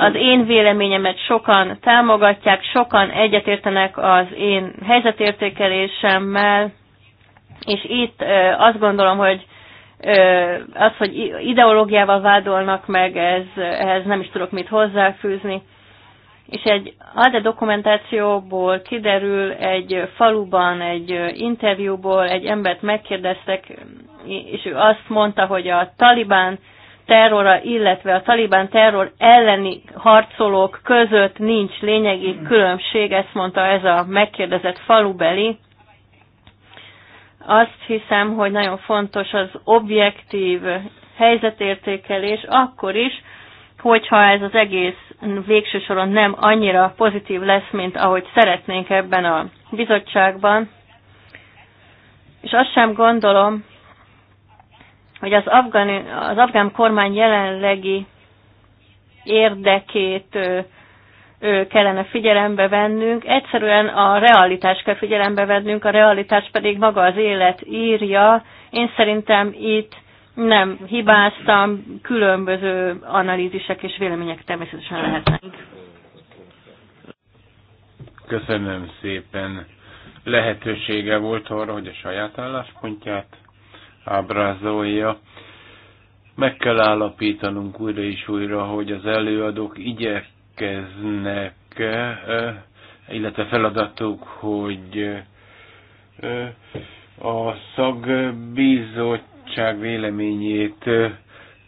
Speaker 2: az én véleményemet sokan támogatják, sokan egyetértenek az én helyzetértékelésemmel, és itt azt gondolom, hogy az, hogy ideológiával vádolnak meg, ez, ehhez nem is tudok mit hozzáfűzni. És egy ADE dokumentációból kiderül, egy faluban, egy interjúból egy embert megkérdeztek, és ő azt mondta, hogy a Taliban terrora, illetve a talibán terror elleni harcolók között nincs lényegi különbség, ezt mondta ez a megkérdezett falubeli. Azt hiszem, hogy nagyon fontos az objektív helyzetértékelés akkor is, hogyha ez az egész végső soron nem annyira pozitív lesz, mint ahogy szeretnénk ebben a bizottságban. És azt sem gondolom, hogy az, afgán, az afgán kormány jelenlegi érdekét ö, ö, kellene figyelembe vennünk. Egyszerűen a realitást kell figyelembe vennünk, a realitás pedig maga az élet írja. Én szerintem itt nem hibáztam, különböző analízisek és vélemények természetesen lehetnek.
Speaker 1: Köszönöm szépen. Lehetősége volt arra, hogy a saját álláspontját ábrázolja. Meg kell állapítanunk újra és újra, hogy az előadók igyekeznek, illetve feladatuk, hogy a szagbizottság véleményét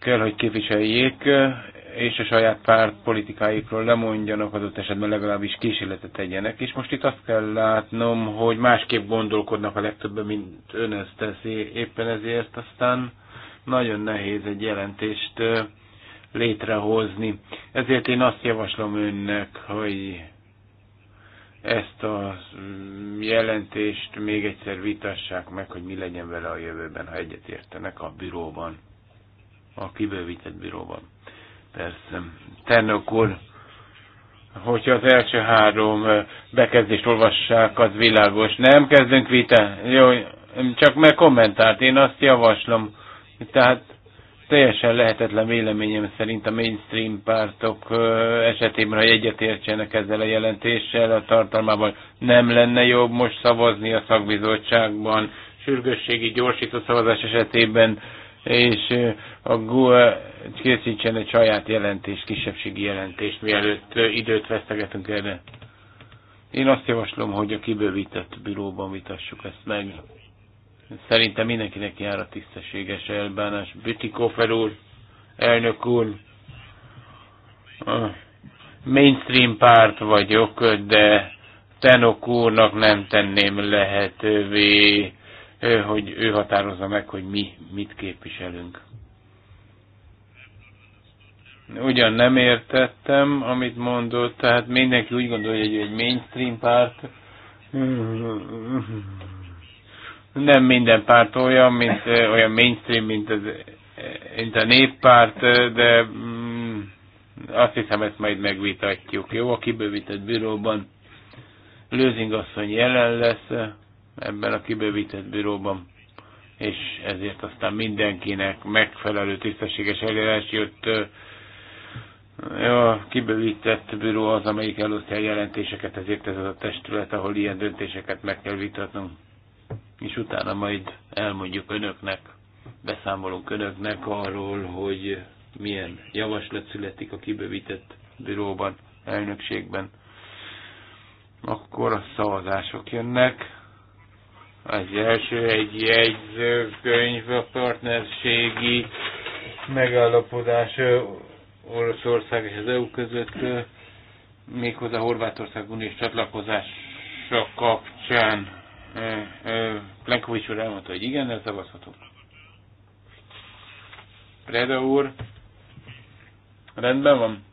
Speaker 1: kell, hogy képviseljék, és a saját párt politikáikról lemondjanak, adott esetben legalábbis kísérletet tegyenek. És most itt azt kell látnom, hogy másképp gondolkodnak a legtöbben, mint ön ezt teszi. Éppen ezért aztán nagyon nehéz egy jelentést létrehozni. Ezért én azt javaslom önnek, hogy ezt a mm, jelentést még egyszer vitassák meg, hogy mi legyen vele a jövőben, ha egyetértenek a büróban, a kibővített büróban. Persze. Ternök úr, hogyha az első három bekezdést olvassák, az világos. Nem kezdünk vita. Jó, csak meg kommentárt. Én azt javaslom. Tehát teljesen lehetetlen véleményem szerint a mainstream pártok esetében, hogy egyetértsenek ezzel a jelentéssel, a tartalmában nem lenne jobb most szavazni a szakbizottságban, sürgősségi gyorsító szavazás esetében és a GUE készítsen egy saját jelentést, kisebbségi jelentést, mielőtt időt vesztegetünk erre. Én azt javaslom, hogy a kibővített bíróban vitassuk ezt meg. Szerintem mindenkinek jár a tisztességes elbánás. Bütikofer úr, elnök úr, mainstream párt vagyok, de Tenok úrnak nem tenném lehetővé hogy ő határozza meg, hogy mi mit képviselünk. Ugyan nem értettem, amit mondott, tehát mindenki úgy gondolja, hogy egy mainstream párt, nem minden párt olyan, mint, olyan mainstream, mint, az, mint a néppárt, de mm, azt hiszem, ezt majd megvitatjuk. Jó, a kibővített bíróban Lőzing asszony jelen lesz, ebben a kibővített bíróban, és ezért aztán mindenkinek megfelelő tisztességes eljárás jött. A kibővített bíró az, amelyik elosztja a jelentéseket, ezért ez az a testület, ahol ilyen döntéseket meg kell vitatnunk, és utána majd elmondjuk önöknek, beszámolunk önöknek arról, hogy milyen javaslat születik a kibővített bíróban, elnökségben. Akkor a szavazások jönnek. Az első egy jegyzőkönyv a partnerségi megállapodás Oroszország és az EU között, méghozzá Horvátország uniós csatlakozása kapcsán. Plenkovics úr elmondta, hogy igen, ez szavazhatunk. Preda úr, rendben van.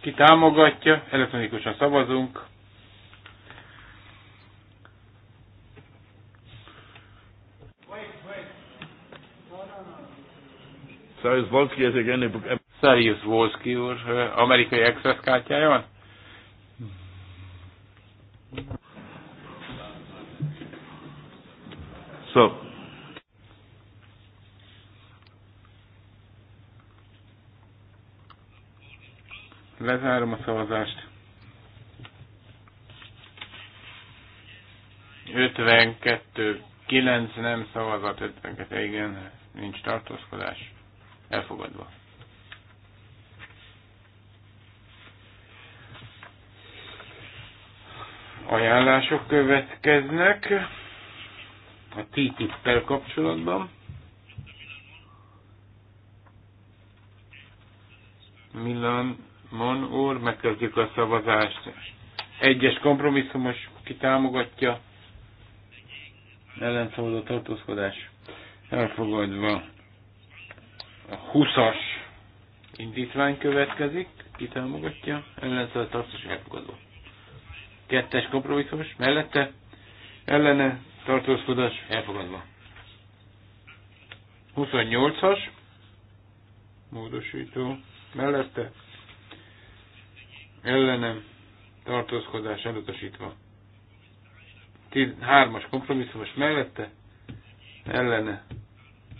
Speaker 1: Ki támogatja, elektronikusan szavazunk. Cyrus Volsky, ez egy Cyrus Volsky úr, amerikai Access kártyája van? So. Lezárom a szavazást. 52, 9 nem szavazat, 52, igen, nincs tartózkodás. Elfogadva. Ajánlások következnek a ttip tel kapcsolatban. Milan Mon úr, megkezdjük a szavazást. Egyes kompromisszumos támogatja. ellenszavazó tartózkodás elfogadva. A 20-as indítvány következik, ki támogatja, ellenszer tartozás elfogadó. Kettes kompromisszumos, mellette ellene tartózkodás elfogadva. 28-as módosító mellette ellene tartózkodás elutasítva. 3-as kompromisszumos mellette ellene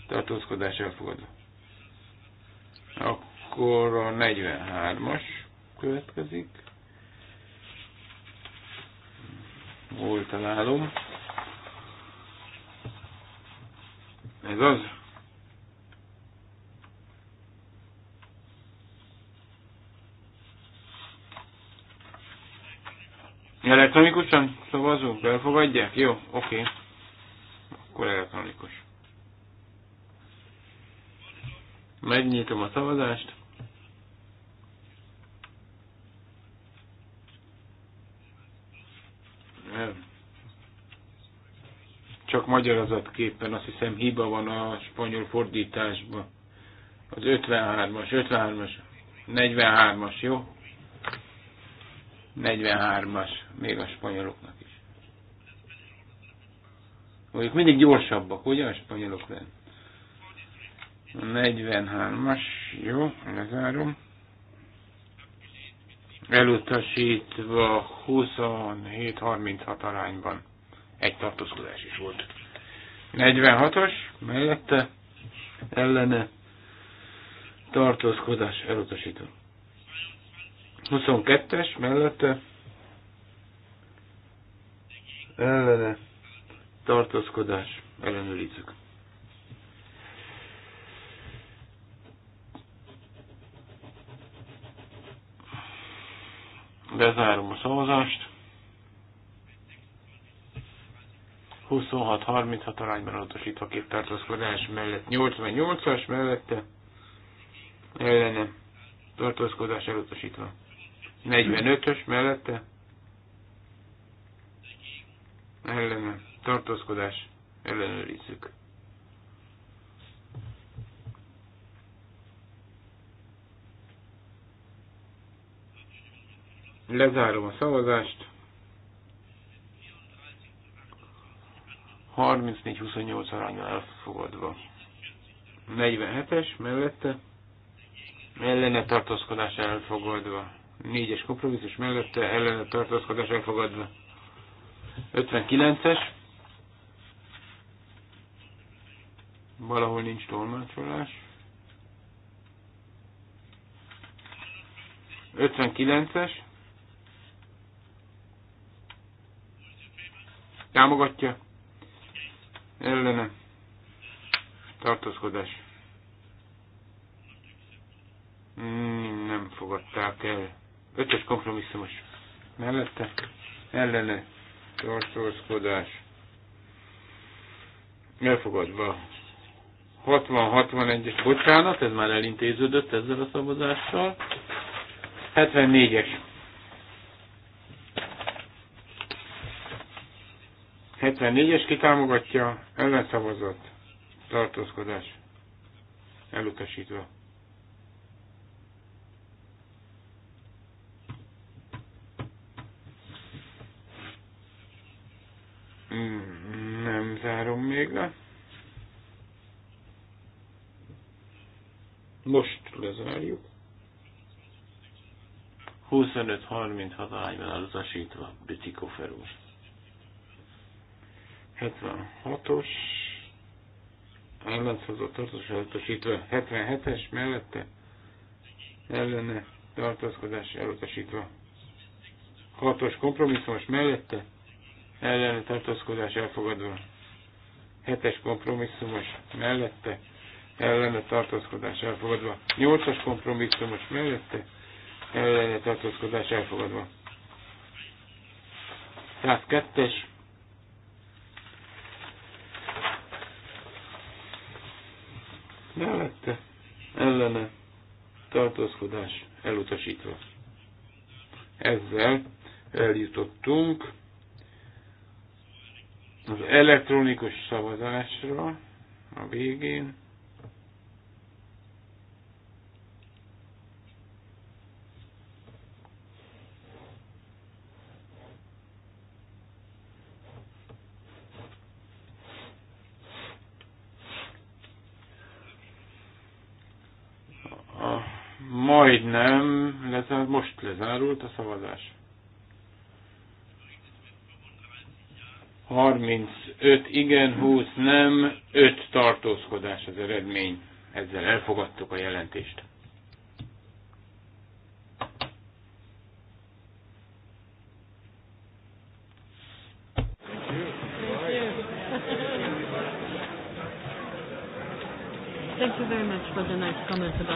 Speaker 1: tartózkodás elfogadva. Akkor a 43-as következik. Hol találom? Ez az. Elektronikusan szavazunk? Elfogadják? Jó, oké. Okay. Akkor elektronikus. Megnyitom a szavazást. Csak magyarazatképpen azt hiszem hiba van a spanyol fordításban. Az 53-as, 53-as, 43-as, jó? 43-as, még a spanyoloknak is. Mondjuk mindig gyorsabbak, ugye a spanyolok lenni? 43-as, jó, lezárom. Elutasítva 27-36 arányban. Egy tartózkodás is volt. 46-as, mellette, ellene, tartózkodás elutasítva. 22-es, mellette, ellene, tartózkodás, ellenőrizzük. Bezárom a szavazást. 26-36 arányban utasítva két tartózkodás mellett, 88-as mellette, ellene tartózkodás elutasítva. 45-ös mellette, ellene tartózkodás ellenőrizzük. Lezárom a szavazást. 34-28 arányban elfogadva. 47-es mellette ellene tartózkodás elfogadva. 4-es kompromisszus mellette ellene tartózkodás elfogadva. 59-es. Valahol nincs tolmácsolás. 59-es. Támogatja. Ellene. Tartózkodás. Hmm, nem fogadták el. Ötös kompromisszumos. Mellette. Ellene. Tartózkodás. Elfogadva. 60-61-es, bocsánat, ez már elintéződött ezzel a szavazással. 74-es 74-es kitámogatja, ellenszavazott, tartózkodás, elutasítva. Hmm, nem zárom még le. Most lezárjuk. 25-36 arányban elutasítva, Bütikofer úr. 76-os ellenszavazat tartozás elutasítva, 77-es mellette ellene tartózkodás elutasítva. 6-os kompromisszumos mellette ellene tartózkodás elfogadva. 7-es kompromisszumos mellette ellene tartózkodás elfogadva. 8-as kompromisszumos mellette ellene tartózkodás elfogadva. 102-es mellette ellene tartózkodás elutasítva.
Speaker 2: Ezzel
Speaker 1: eljutottunk az elektronikus szavazásra a végén. indult a szavazás. 35 igen, 20 nem, 5 tartózkodás az eredmény. Ezzel elfogadtuk a jelentést.
Speaker 3: Thank you very much for the nice comments about